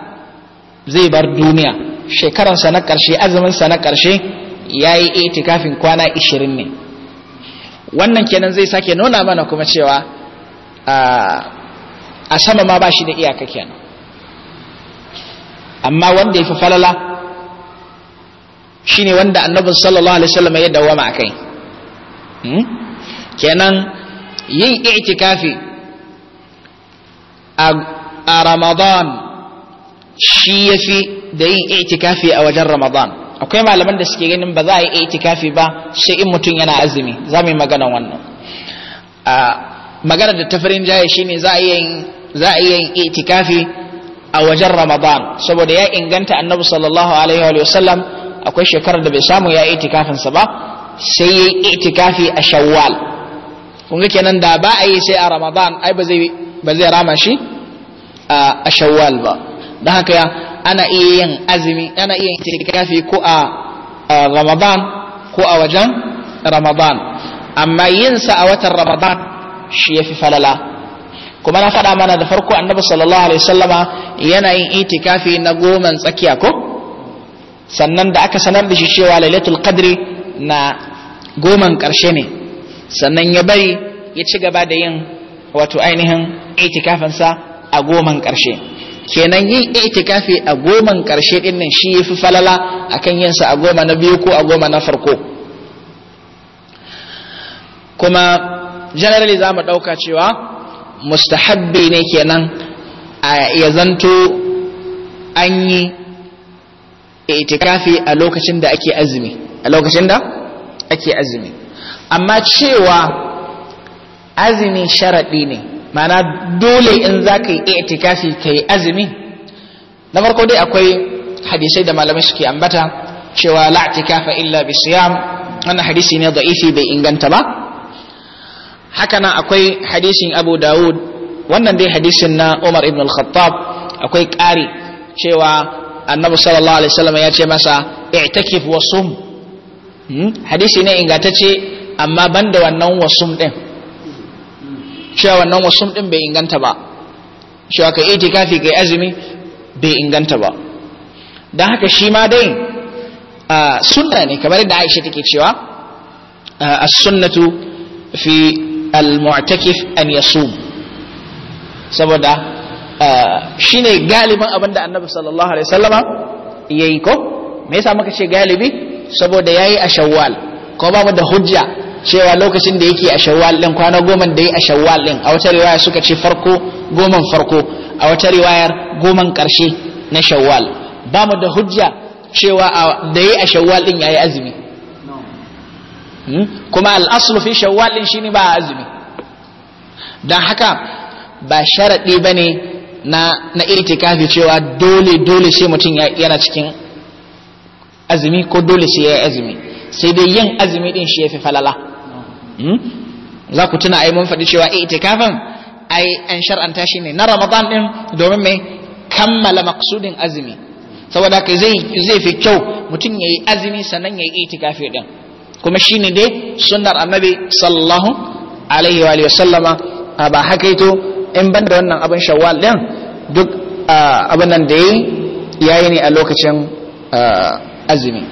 A: zai bar duniya shekaransa na ƙarshe sa na ƙarshe ya yi itikafin kwana ishirin ne wannan kenan zai sake nuna mana kuma cewa ah, a sama ma ba shi da iyaka kenan amma wanda ya fi falala shine wanda annabin sallallahu alaihi wasallam ya dawama a kai hmm? kenan yin i'tikafi a ramadan shi ya fi da yin i'tikafi a wajen ramadan akwai malaman da suke ganin ba za a yi i'tikafi ba sai in mutum yana azumi za mu yi magana wannan magana da tafarin jaya shine za a yi yin i'tikafi a wajen ramadan saboda ya inganta annabi sallallahu alaihi wa sallam akwai shekarar da bai samu ya itikafin sa ba sai ya itikafi a shawwal kun ga kenan da ba a yi sai a ramadan ai ba zai ba zai rama shi a shawwal ba don haka ya ana iya yin azumi ana iya yin itikafi ko a ramadan ko a wajen ramadan amma yin sa a watan ramadan shi yafi falala kuma na faɗa mana da farko annabi sallallahu alaihi wasallama yana yin itikafi na goma tsakiya ko sannan da aka sanar da shi cewa lailatul qadri na goma ƙarshe ne sannan ya bari ya ci gaba da yin wato ainihin sa a goma ƙarshe kenan yin itikafi a goman ƙarshe din nan shi yafi falala akan yinsa a goma na biyu ko a goma na farko kuma generally za mu ɗauka cewa mustahabbi ne kenan ya zanto an yi itikafi a lokacin da ake azumi a lokacin da ake azumi amma cewa azumi sharaɗi ne mana dole in za ka yi itikafi ka yi azumi na farko dai akwai hadisai da malamai suke ambata cewa la'atikafa illa bi siyam wannan hadisi ne da'ifi bai inganta ba haka nan akwai hadisin abu dawud wannan dai hadisin na umar ibn al-khattab akwai ƙari cewa annabi sallallahu alaihi wasallam ya ce masa i'takif wa sum hmm? hadisi ne ingantacce amma banda wannan wa sum din cewa wannan wa sum din bai inganta ba cewa ka itikafi kai azumi bai inganta ba dan haka shi ma dai ah, sunna ne kamar da Aisha take cewa ah, as-sunnatu fi al-mu'takif an yasum saboda eh, shine galiban abinda annabi sallallahu alaihi wasallama yayi ko me yasa muka ce galibi saboda yayi a shawwal ko ba da hujja cewa lokacin da yake a shawwal din kwana goma da yayi a shawwal din a wata riwaya suka ce farko goman farko a wata riwayar goman karshe na shawwal ba da hujja cewa da yi a shawwal din yayi azumi Hmm? kuma al'aslu fi shawwalin shi ne ba azumi dan haka ba sharadi bane na na itikafi cewa dole dole sai mutum yana cikin azumi ko dole sai yi azumi sai dai yin azumi din shi yafi falala hmm? za ku tuna ai mun faɗi cewa itikafin ai an shar'anta shi ne na ramadan din domin mai kammala maksudin azumi saboda kai zai fi kyau mutum yayi azumi sannan yayi irtikafi din kuma shine dai sunnar annabi sallallahu alaihi wa sallama ba haka ito in ban da wannan abin shawwal din duk abin nan da yayi ne a lokacin azumi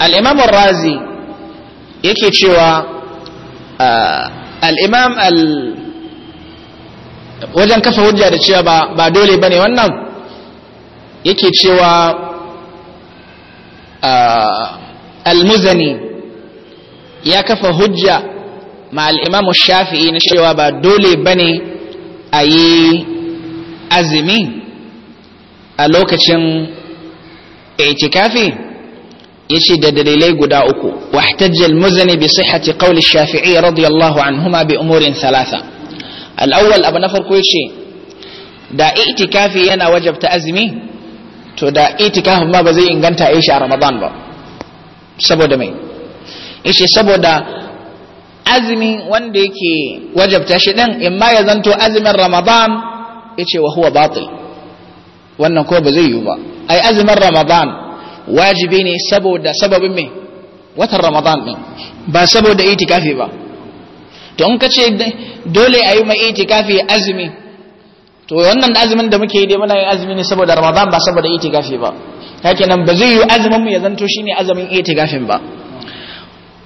A: al-imam razi yake cewa al-imam al wajen kafa hujja da cewa ba dole bane wannan yake cewa al-muzani ya kafa hujja ma al-imamu shafi'i na cewa ba dole bane a yi azumi a lokacin itikafi yace da dalilai guda uku wahtajja al-muzani bi sihhati qawli shafi'i radiyallahu anhuma bi umurin salasa al abu na farko yace da itikafi yana wajabta azumi to da itikafin ma ba zai inganta a shi a ramadan ba saboda mai yace saboda azumi wanda yake wajabta shi din in ma ya zanto azumin ramadan yace wa huwa batil wannan ko ba zai yiwu ba ai azumin ramadan wajibi ne saboda sababin me watan ramadan din ba saboda itikafi ba to in kace dole ayi mai itikafi azumi to wannan azumin da muke yi dai muna yin azumi ne saboda ramadan ba saboda itikafi ba haka bazai ba zai yi azumin mu ya zanto shi ne azumin itikafin ba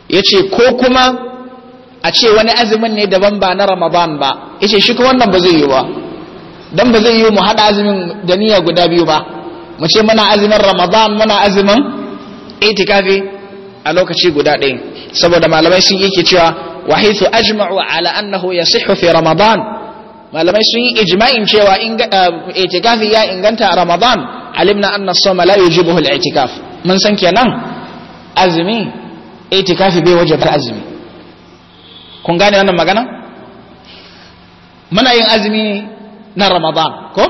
A: yace ko kuma a ce wani azumin ne daban ba na ramadan ba ce shi kuma wannan ba zai yi ba dan ba zai yi mu haɗa azumin da niyya guda biyu ba mu ce muna azumin ramadan muna azumin itikafi a lokaci guda ɗaya saboda malamai sun yake cewa wa haythu ajma'u ala annahu yasihhu fi ramadan malamai sun yi ijma'in cewa eh, itikafi ya inganta a ramadan alimna anna soma la yujibuhu al-i'tikaf mun san kenan azumi i'tikafi bai wajaba azumi kun gane wannan magana muna yin azumi na ramadan ko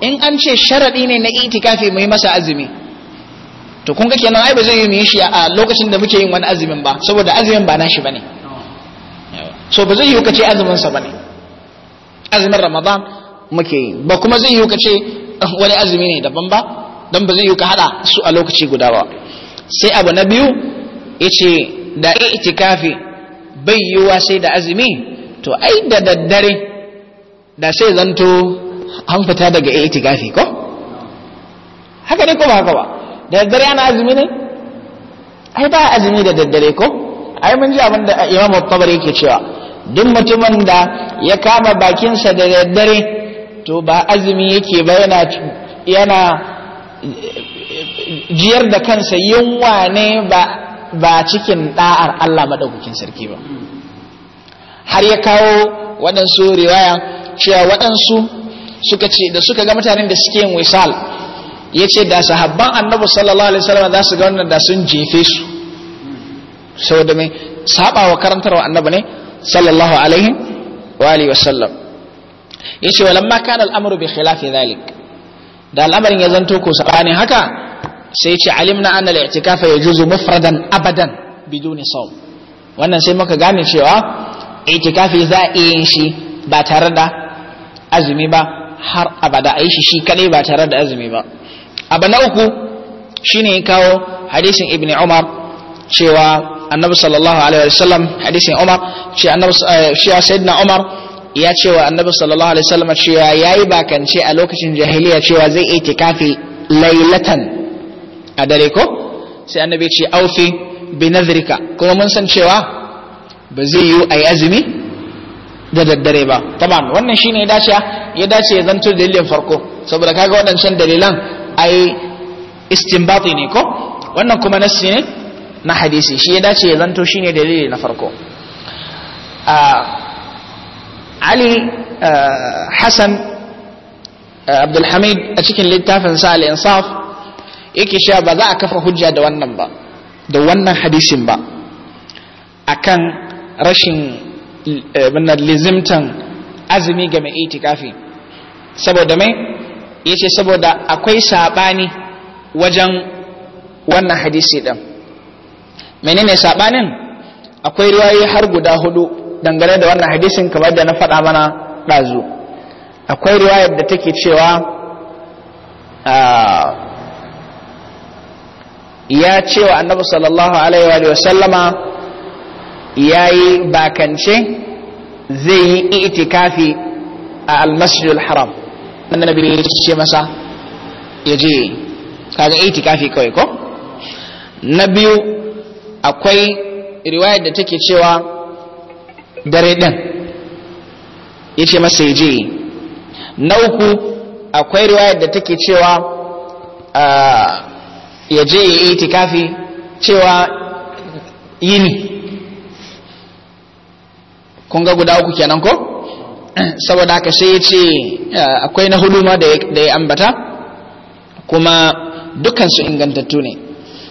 A: in an ce sharadi ne na i'tikafi mu yi masa azumi to kun ga kenan ai ba zai yi mu yi shi a lokacin da muke yin wani azumin ba saboda azumin ba nashi bane so ba zai yi kace azumin sa bane azumin ramadan muke yi ba kuma zai yi kace <laughs> wani azumi ne daban ba don ba zai yi ka hada su a lokaci guda ba sai abu na biyu ya ce da itikafi bai yiwa sai da azumi to ai da daddare da sai zanto an fita daga kafi ko haka ne ko ba haka ba da daddare ana azumi ne ai ba azumi da daddare ko ai mun ji abin da Imam Tabari yake cewa duk mutumin da ya kama bakinsa da daddare to ba azumi yake ba yana yana jiyar da kansa yunwa ne ba ba cikin da'ar Allah madaukakin sarki ba har ya kawo waɗansu riwaya cewa waɗansu suka ce da suka ga mutanen da suke yin wisal ya ce da sahabban annabi sallallahu alaihi wasallam za su ga wannan da sun jefe su saboda mai saba wa karantarwa annabi ne sallallahu alaihi wa alihi wasallam yace walamma kana al'amuru bi khilafi zalik da al'amarin ya zanto ko sabani haka sai yace alimna anna al ya yajuzu mufradan abadan biduni sawm wannan sai muka gane cewa i'tikafi za a yin shi ba tare da azumi ba har abada a yi shi shi kadai ba tare da azumi ba abu na uku shine kawo hadisin ibn umar cewa annabi sallallahu alaihi wasallam hadisin umar eh, cewa annabi shi sayyidina umar ya ce wa annabi sallallahu alaihi wasallam cewa yayi bakance a lokacin jahiliya cewa zai itikafi lailatan a dare ko sai annabi ce aufi bi nadhrika kuma mun san cewa ba zai yi ayi azumi da daddare ba taban wannan shine ya dace ya dace zan zanto dalilin farko saboda kaga waɗancan dalilan ai istinbati ne ko wannan kuma nassi ne na hadisi shi ya dace ya zanto shine dalili na farko a ah, ali eh, hassan eh, abdulhamid a cikin littafin sa al-insaf yake sha ba za a kafa hujja da wannan ba da wannan hadisin ba akan rashin eh, lizimtan azumi ga mai itikafi saboda mai yace saboda akwai sabani wajen wannan hadisi din menene sabanin akwai riwayoyi har guda hudu dangane da wannan hadisin kamar da na faɗa mana ɗazu akwai riwayar da take cewa ah, ya ce wa annabi sallallahu alaihi wa sallama ya yi bakance zai yi itikafi a almasjidul haram wanda nabi ya ce masa ya je kaga itikafi kawai ko na biyu akwai riwayar da take cewa dare ɗin ya ce masa yaje na uku akwai riwayar da take cewa ya je ya yi itikafi cewa yini kun ga guda uku kenan ko <clears throat> saboda haka sai ya ce akwai na huduma da da ya ambata kuma dukansu ingantattu ne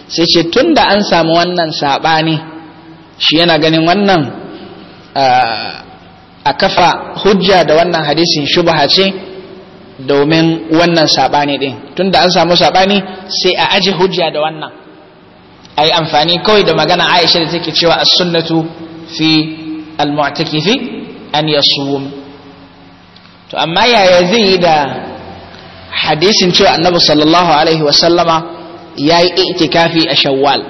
A: sai ce tun da an samu wannan saɓani shi yana ganin wannan a kafa hujja da wannan hadisin shubha ce domin wannan sabani din tunda an samu saɓani sai a aje hujja da wannan ai amfani kawai da magana Aisha da take cewa a sunnatu fi al-mu'takifi an yasum to amma yaya zai yi da hadisin cewa annabi sallallahu alaihi wasallama yayi itikafi a shawwal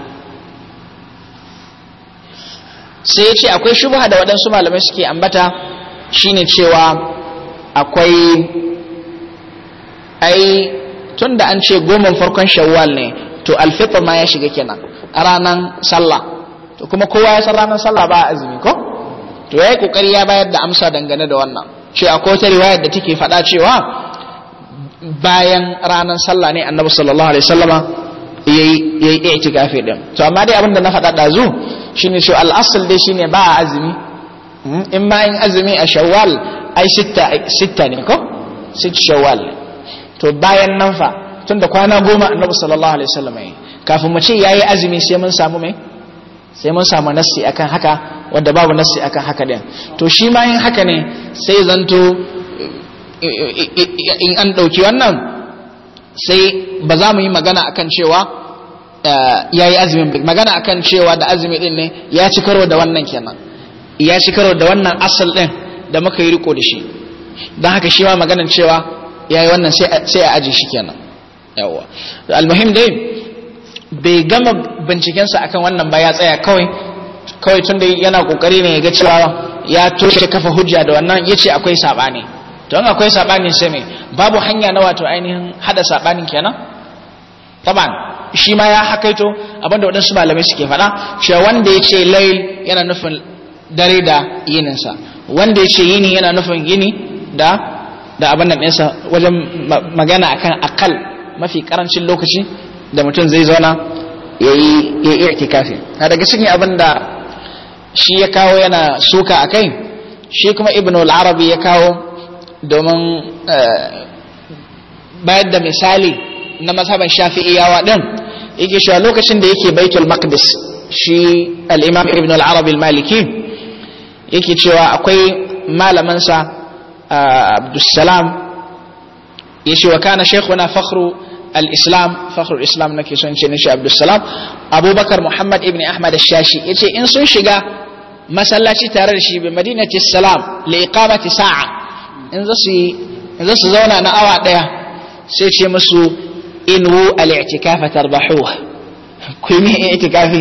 A: sai ya ce akwai shubha da waɗansu malamai suke ambata shine cewa akwai ai tun da an ce goma farkon shawwal ne to alfitr ma ya shiga kenan a ranar sallah to kuma kowa ya san ranar sallah ba azumi ko to yayi kokari ya bayar da amsa dangane da wannan ce akwai wata riwayar da take faɗa cewa bayan ranar sallah ne annabi sallallahu alaihi wasallama yayi yayi i'tikafi din to amma dai abinda na faɗa shi ne shi al-asl dai ne ba azumi hmm? in ma in azumi a shawwal ai sitta ne ko sit shawwal to bayan nan fa tun da kwana goma annabi sallallahu alaihi wasallam yi kafin mu ce ya yi azumi sai mun samu mai sai mun samu nassi akan haka wanda babu nassi akan haka din to shi ma yin haka ne sai zanto in an ɗauki wannan sai ba za mu yi magana akan cewa eh, ya yi azumin magana akan cewa da azumi din ne ya ci karo da wannan kenan ya ci karo da wannan asal din da muka yi riko da shi don haka shi ma maganan cewa ya yi wannan sai a aji shi kenan yawwa almuhim dai bai gama bincikensa akan wannan ba ya tsaya kawai kawai tun da yana kokari ne ya ga cewa ya toshe kafa hujja da wannan ya ce akwai saɓani don akwai saɓanin sai mai babu hanya na wato ainihin hada saɓanin kenan taban shi ma ya hakaito abinda waɗansu malamai suke faɗa cewa wanda ya ce lai yana nufin dare da yininsa wanda ya ce yini yana nufin yini da da abin da ɗinsa wajen magana akan akal mafi karancin lokaci da mutum zai zauna ya yi kafin. na daga cikin abin da shi ya kawo yana suka a kai shi kuma ibn al-arabi ya kawo domin eh, bayar da misali na mazhaban shafi'iyawa din yake a lokacin da yake baitul maqdis shi al-imam ibn al-arabi al-maliki yake cewa akwai malamansa sa abdussalam yace wa kana shaykhuna fakhru al-islam fakhru al-islam nake son ce shi abdussalam abubakar muhammad ibn ahmad al-shashi yace in sun shiga masallaci tare da shi bi madinati salam li iqamati sa'a in za su zauna na awa ɗaya sai ce musu inu al'itikafa tarbahuwa ku yi mai itikafi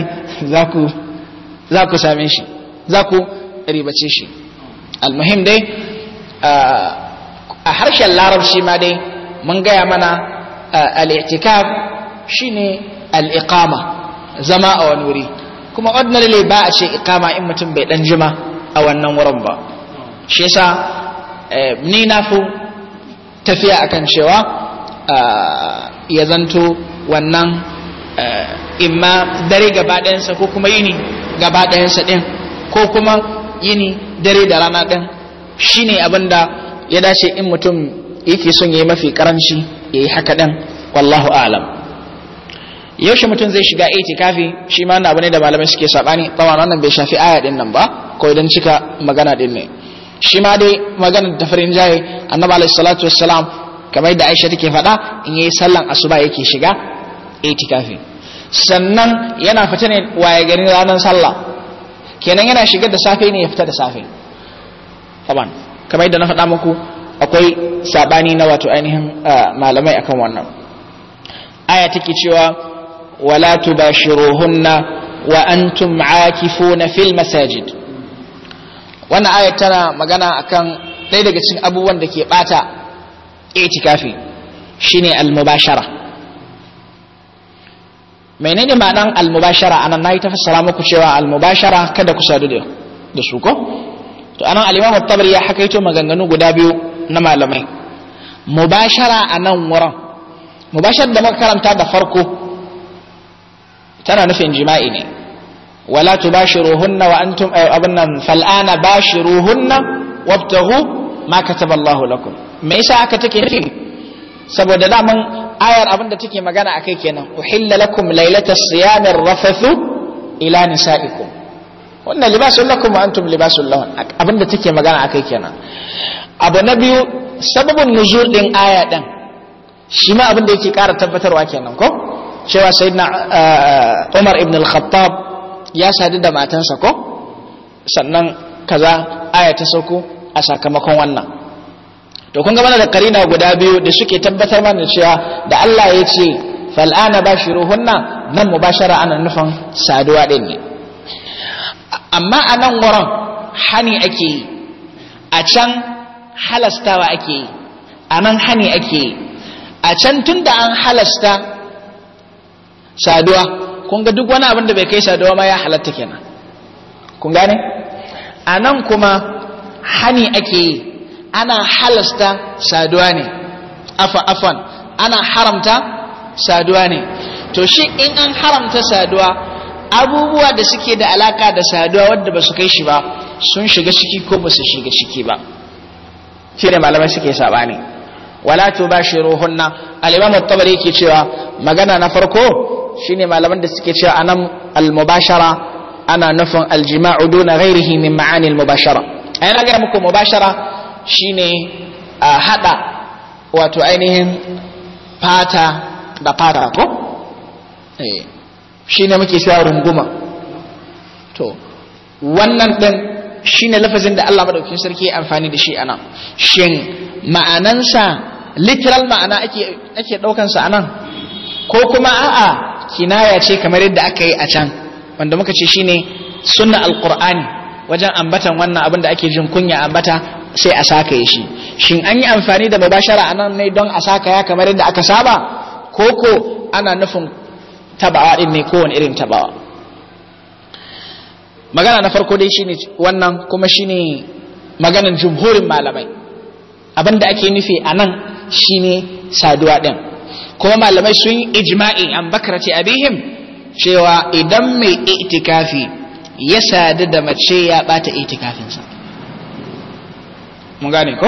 A: za ku same shi za ku ribace shi almuhim dai a harshen larabci ma dai mun gaya mana al'itikaf shi ne al'iƙama zama a wani wuri kuma ordinarily ba a ce ikama in mutum bai ɗan jima a wannan wurin ba shi yasa Eh, ni na fi tafiya akan cewa ah, ya zanto wannan eh, imma dare gaba ko kuma yini gaba ɗin ko kuma yini dare da rana ɗin shine abin da ya dace in mutum yake son ya yi mafi karanci ya yi haka ɗin wallahu alam yaushe mutum zai shiga itikafi shi ma na abu ne da malamai suke sabani tsawon wannan bai shafi aya din nan ba ko idan cika magana din ne shi ma dai maganar ta farin jaye annabi alaihi salatu wassalam kamar da aisha take faɗa in yayi sallan asuba yake shiga itikafi sannan yana fita ne waye garin ranar sallah kenan yana shiga da safe ne ya fita da safe taban kamar da na faɗa muku akwai sabani na wato ainihin malamai akan wannan aya take cewa wala tubashiruhunna wa antum aakifuna fil masajid wannan ayat tana magana akan ɗaya daga cikin abubuwan da ke ɓata itikafi shine almubashara menene ma'anar almubashara anan nayi ta fassara muku cewa almubashara kada ku sadu da su ko to anan al-imam at-tabari ya hakaito maganganu guda biyu na malamai mubashara anan wurin mubashar da muka karanta da farko tana nufin jima'i ne wala tubashiruhunna wa antum abunnan fal'ana bashiruhunna wabtaghu ma kataba Allah lakum me yasa aka take nufi saboda daman ayar abin abinda take magana a kai kenan uhilla lakum Laylata siyami rafathu ila nisaikum wannan libasun lakum wa antum libasun lahun abinda take magana a kai kenan abu na biyu sababin nuzul din aya din shi ma abin da yake kara tabbatarwa kenan ko cewa sayyidina Umar ibn al-Khattab ya sadu da matansa ko sannan kaza aya ta sauko a sakamakon wannan to kun mana da karina guda biyu da suke tabbatar mana cewa da Allah ya ce fal'ana bashiruhunna nan mubashara ana nufin saduwa din ne amma a nan wurin hani ake yi a can halastawa ake yi a nan hani ake yi a can tun an halasta saduwa Kunga duk wani abin da bai kai saduwa ma ya halatta kenan kun gane a nan kuma hani ake yi ana halasta saduwa ne afa afan ana haramta saduwa ne to shi in an haramta saduwa abubuwa da suke da alaka da saduwa wadda ba su kai shi ba sun shiga ciki ko ba su shiga ciki ba shi ne malamai suke sabani wala to ba shi ruhunna al tabari ke cewa magana na farko shine malaman da suke cewa anan al-mubashara ana nufin al-jima'u duna ghairihi min ma'ani al-mubashara ayan ga muku mubashara shine hada wato ainihin fata da fata ko eh shine muke cewa runguma to wannan din shine lafazin da Allah madaukakin sarki amfani da shi anan shin ma'anansa literal ma'ana ake ake daukan sa anan ko kuma a'a kinaya ce kamar yadda aka yi a can wanda muka ce shine sunna alqur'ani wajen ambatan wannan abin da ake jin kunya ambata sai a saka shi shin an yi amfani da mubashara anan ne don a saka ya kamar yadda aka saba koko ana nufin tabawa din ne ko wani irin tabawa? magana na farko dai shine wannan kuma shine maganan jumhurin malamai da ake nufi anan shine saduwa din Kuma malamai sun yi ijma'i an bakarci abihim cewa idan mai itikafi ya sadu da mace ya bata itikafinsa mun gane ko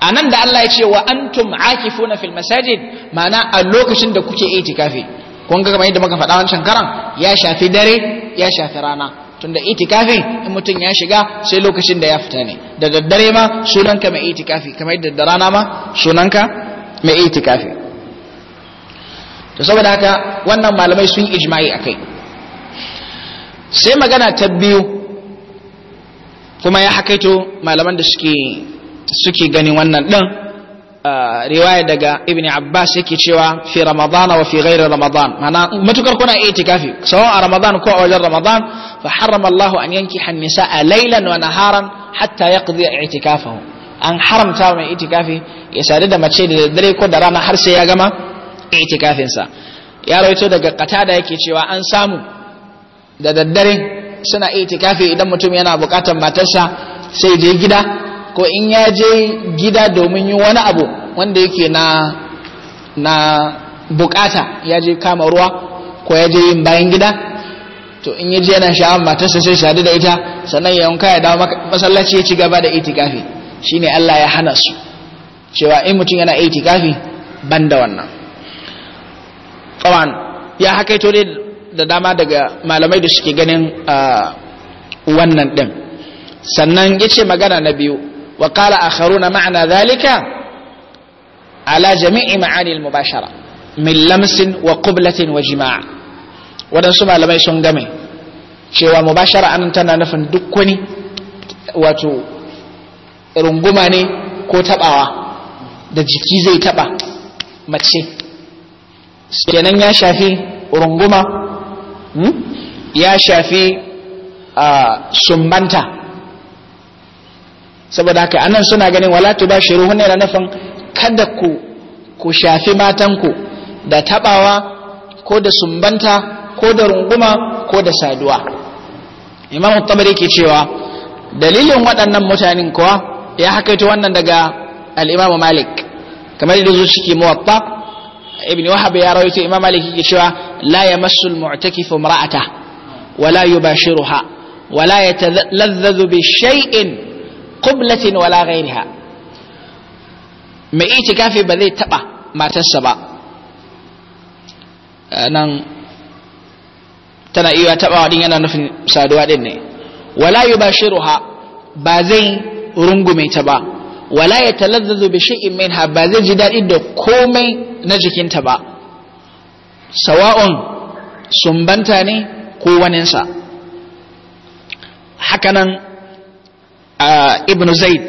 A: a nan da Allah ya ce wa antum funa fil masajid ma'ana a lokacin da kuke itikafi kun ga kamar yadda muka faɗa wancan karan ya shafi dare ya shafi rana tunda itikafi in mutum ya shiga sai lokacin da ya fita ne da daddare ma sunanka mai itikafi kamar yadda da rana ma sunanka mai itikafi to saboda haka wannan malamai sun ijma'i akai sai magana ta biyu kuma ya hakaito malaman da suke suke ganin wannan din riwaya daga ibn abbas yake cewa fi ramadan wa fi ghairi ramadan mana matukar kuna itikafi sawa a ramadan ko a wajen ramadan fa harrama allah an hannisa a lailan wa naharan hatta yaqdi itikafahu an haramta mai itikafi ya sadu da mace da dare ko da rana har sai ya gama itikafinsa ya rawaito daga katada yake cewa an samu da daddare suna itikafi idan mutum yana bukatar matarsa sai je gida ko in ya je gida domin yi wani abu wanda yake na na bukata ya je kama ruwa ko ya je yin bayan gida to in ya je yana sha'an matarsa sai sadu da ita sannan ya yanka ya dawo masallaci ya ci gaba da itikafi shine Allah ya hana su cewa in mutum yana itikafi banda wannan tsawon ya hakaito ne da dama daga malamai da suke ganin wannan ɗin sannan ya ce magana na biyu wa kala akharuna ma'ana zalika ala jami'i ma'ani mubashara min lamsin wa kublatin wa jima'a waɗansu malamai sun game cewa mubashara anan tana nufin duk wani wato runguma ne ko tabawa da jiki zai taba mace kenan ya shafi runguma hmm? ya shafi sumbanta saboda haka anan suna ganin wala tubashiru hunna yana nufin kada ku ku shafi matanku da tabawa ko da sumbanta ko da runguma ko da saduwa imam tabari ke cewa dalilin waɗannan mutanen kuwa ya hakaito wannan daga al malik kamar yadda zo suke muwatta ibn wahab ya rawaito imam malik yake cewa la yamassu almu'takifu imra'ata wala yubashiruha wala yataladhdhu bi shay'in qublatin wala ghayriha mai itikafi ba zai taba matarsa ba eh, nan tana iya taba wadin yana nufin saduwa din ne wala yubashiruha ba zai rungume ta ba wala ya talazzazu bi shay'in minha ba zai ji daɗi da komai na jikinta ba sawa'un sumbanta ne ko waninsa hakanan ibn zaid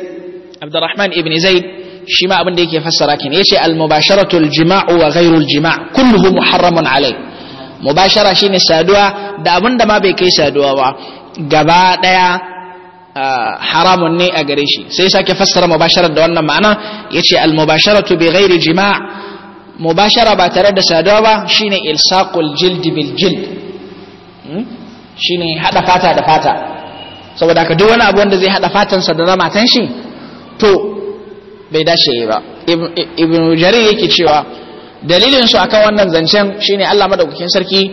A: abdurrahman ibn zaid shi ma abin da yake fassara kin yace al mubasharatu al jima'u wa ghayru al jima' kulluhu muharramun alai mubashara shine saduwa da abin da ma bai kai saduwa ba gaba daya haramun ne a gare shi sai sake fassara mubasharar da wannan ma'ana yace al mubasharatu bi ghairi jima' mubashara ba tare da saduwa ba shine ilsaqul jild bil jild hmm? shine hada fata da fata saboda ka duk wani abu wanda zai hada fatansa da na matan shi to bai dace ba ibn jarir yake cewa dalilin su akan wannan zancen shine Allah madaukakin sarki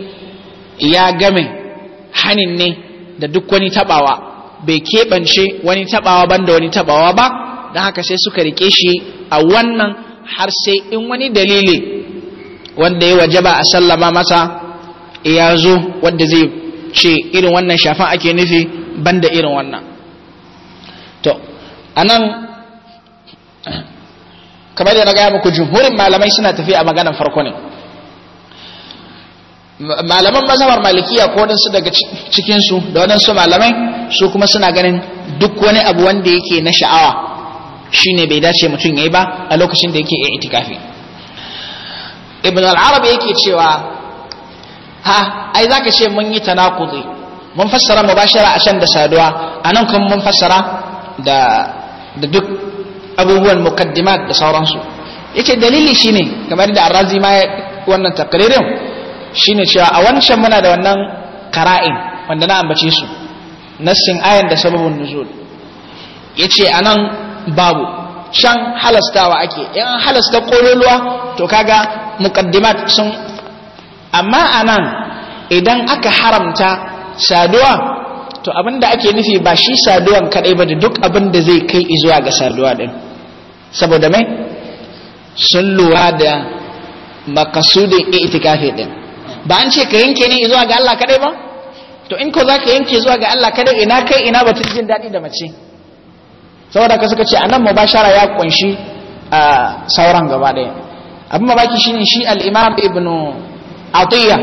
A: ya game hanin ne da duk wani tabawa bai keɓance wani taɓawa banda wani taɓawa ba don haka sai suka rike shi a wannan har sai in wani dalili wanda ya waje ba a sallama masa ya zo wanda zai ce irin wannan shafan ake nufi banda irin wannan to a nan kamar da na gaya muku jumhurin malamai suna tafiya a maganar farko ne malaman mazhabar malikiya ko wadansu daga cikinsu da wadansu malamai su kuma suna ganin duk wani abu wanda yake na sha'awa shine bai dace mutum yayi ba a lokacin da yake yin itikafi ibn al yake cewa ha ai zaka ce mun yi tanakudi mun fassara mubashara a can da saduwa a nan kuma mun fassara da duk abubuwan mukaddimat da sauransu yace dalili shine kamar da arrazi ma wannan takririn shine cewa a wancan muna da wannan kara'in wanda na ambace su nassin ayan da sababin nuzul yace anan babu can halastawa ake in an halasta kololuwa to kaga muqaddimat sun amma anan idan aka haramta saduwa to abinda ake nufi ba shi saduwan kadai ba da duk abinda zai kai izuwa ga saduwa din saboda mai sun lura da makasudin itikafi din ba an ce ka yanke ne zuwa ga Allah kadai ba to in ko za ka yanke zuwa ga Allah kadai ina kai ina batun jin daɗi da mace saboda ka suka ce a nan mubashara ya kunshi a sauran gaba ɗaya abin baki shine shi al-imam ibn atiyya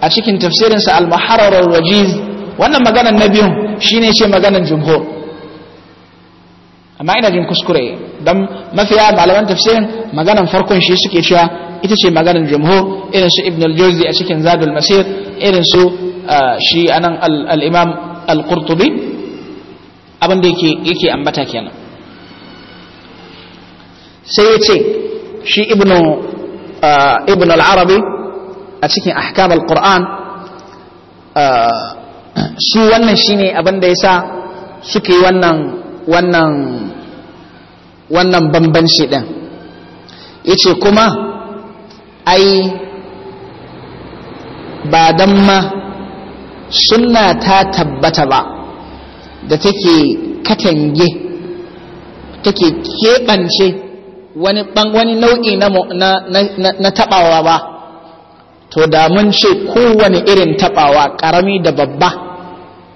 A: a cikin tafsirinsa al-muharrar wajiz wannan maganar na biyun shine ce maganar jumhur amma ina jin kuskure dan mafiya malaman tafsirin maganan farkon shi suke cewa ita ce maganan jumhur irin su ibn al-jawzi a cikin zadul masir irin su ah, shi anan al-imam al-qurtubi abin da yake yake ambata kenan sai yace shi ibnu ah, ibn al-arabi a cikin ahkam al-qur'an ah, shi wannan shine abin da yasa suke wannan wannan wannan bambanci ɗin yace kuma ai ba dan ma sunna ta tabbata ba da take katange take keɓance wani ɓangwani nau'i na taɓawa ba to da mun ce kowane irin taɓawa ƙarami da babba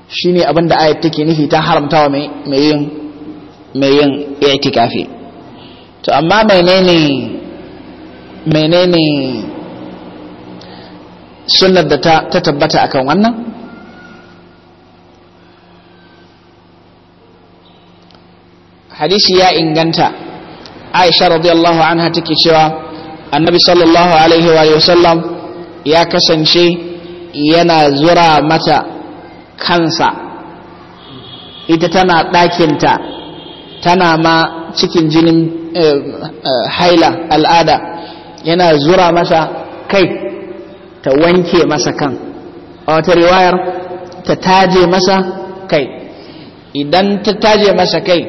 A: shine abin da ayat take nufi ta haramtawa mai yin mai yin itikafi to amma menene menene sunnar da ta tabbata akan wannan hadisi ya inganta aisha radiyallahu anha take cewa annabi sallallahu alaihi wa sallam ya kasance yana zura mata kansa ita tana ɗakinta tana ma cikin jinin eh, eh, haila al'ada yana zura masa kai ta wanke masa kan a wata riwayar ta taje masa kai idan ta taje masa kai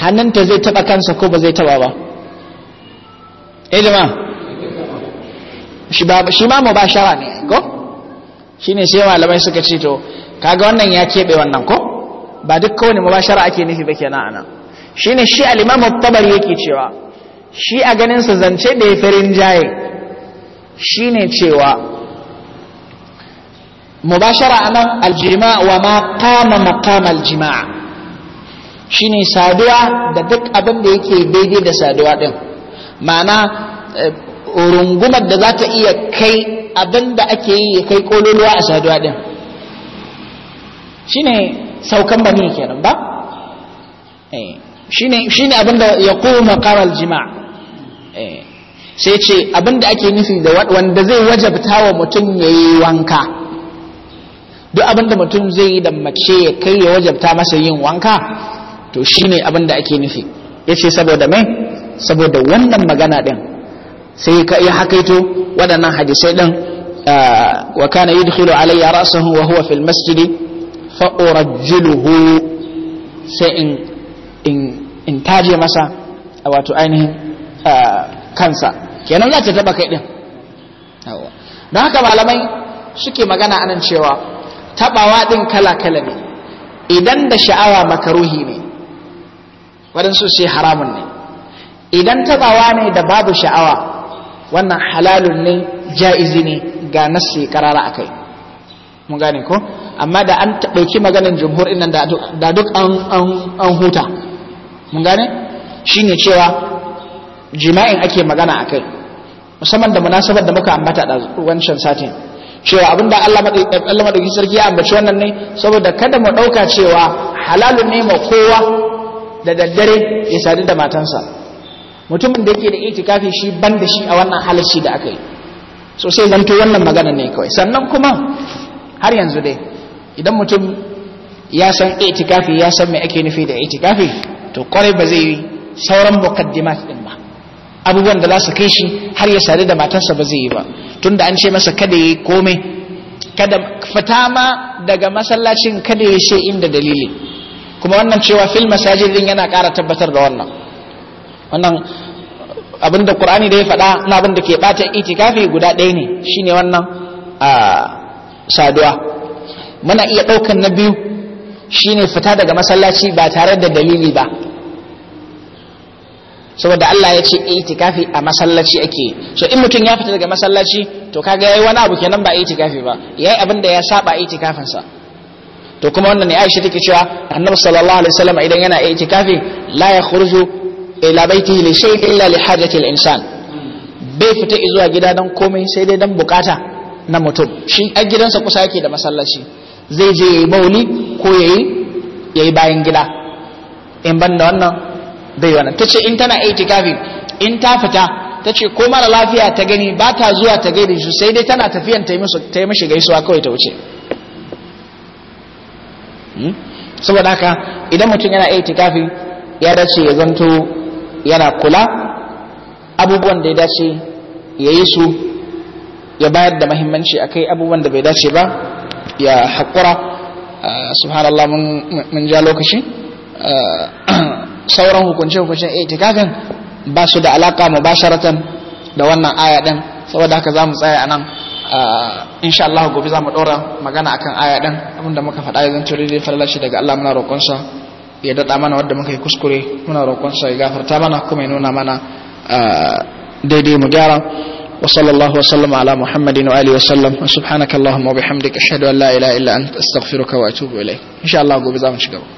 A: hannunta zai taba kansa ko ba zai taba ba ilima eh, shi ma mu ba shara ne ko shi ne sai malamai suka ce to kaga wannan ya keɓe wannan ko ba duk kowane mubashara ake nufi ba kenan anan shine shi al-imam at-tabari yake cewa shi a ganin sa zance da yafirin jaye shine cewa mubashara anan al-jima wa ma qama maqam al-jima shine saduwa da duk abin da yake daidai da saduwa din mana eh, rungumar da za ta iya kai abin da ake yi ya kai kololuwa a saduwa din shine saukan bani ke kenan ba eh, shine abinda ya koma karar jima'a eh, sai ce abinda ake nufi da wanda zai wajabta wa mutum ya yi wanka duk abinda mutum zai yi da mace ya kai ya wajabta masa yin wanka to shine abinda ake nufi ya ce saboda mai saboda wannan magana din sai ya hakaito waɗannan hadisai din eh, wa kana yudkhilu alayya ra'sahu wa huwa fil masjidi fa'urajjiluhu sai in in in taje masa wato ainihin kansa kenan za ta taba kai din don haka malamai suke magana anan cewa tabawa din kala-kala ne idan da sha'awa makaruhi ne waɗansu sai haramun ne idan tabawa ne da babu sha'awa wannan halalun ne ja'izi ne ga nasi karara akai mun gane ko amma da an ɗauki maganar jumhur inda nan da duk an huta mun gane shine cewa jima'in ake magana a kai musamman da munasabar da muka ambata da wancan satin cewa abinda Allah madauki sarki ya ambaci wannan ne saboda kada mu ɗauka cewa halalun ne ma kowa da daddare ya sadu da matansa mutumin da yake da itikafi shi ban da shi a wannan halacci da aka yi so sai zanto wannan magana ne kawai sannan kuma har yanzu dai idan mutum ya san itikafi ya san me ake nufi da itikafi to kwarai ba zai yi sauran mukaddimat din ba abubuwan da za su kai shi har ya sadu da matarsa ba zai yi ba tunda an ce masa kada yi komai kada fata ma daga masallacin kada ya ce inda dalili kuma wannan cewa fil masajid din yana ƙara tabbatar da wannan wannan abin da qur'ani da ya faɗa na abinda ke bata itikafi guda ɗaya ne shine wannan a ah, saduwa muna iya ɗaukan na biyu shine fita daga masallaci ba tare da dalili ba saboda Allah ya ce itikafi a masallaci ake so in mutum ya fita daga masallaci to kaga yayi wani abu kenan ba itikafi ba yayi abin da ya saba itikafin sa to kuma wannan ne Aisha take cewa Annabi sallallahu alaihi wasallam idan yana itikafi la yakhruju ila baitihi li shay'in illa li hajati al-insan bai fita zuwa gida dan komai sai dai dan bukata na mutum shi a gidansa kusa yake da masallaci zai je ya yi bauli ko ya yi bayan gida in ban da wannan bai wannan ce in tana kafi in ta fita ta ce ko mara lafiya ta gani ba ta zuwa ta gaida shi sai dai tana tafiyan ta yi musu ta yi gaisuwa kawai ta wuce hmm? saboda haka idan mutum yana kafi ya dace ya zanto yana kula abubuwan da ya dace ya yi su ya bayar da mahimmanci akai abubuwan da bai dace ba ya haƙura subhanallah mun ja lokaci <clears throat> sauran hukunce-hukuncen itikafin ba su da alaƙa mubasharatan da wannan aya ɗin saboda haka za mu tsaya anan nan insha Allah gobe za mu ɗora magana akan aya ɗin abinda muka faɗa yanzu zanci daidai fallashi daga Allah muna roƙonsa ya daɗa mana wadda muka yi kuskure muna roƙonsa ya gafarta mana kuma ya nuna mana daidai mu gyara وصلى الله وسلم على محمد وآله وسلم سبحانك اللهم وبحمدك أشهد أن لا إله إلا أنت أستغفرك وأتوب إليك إن شاء الله أقول بزامن شكرا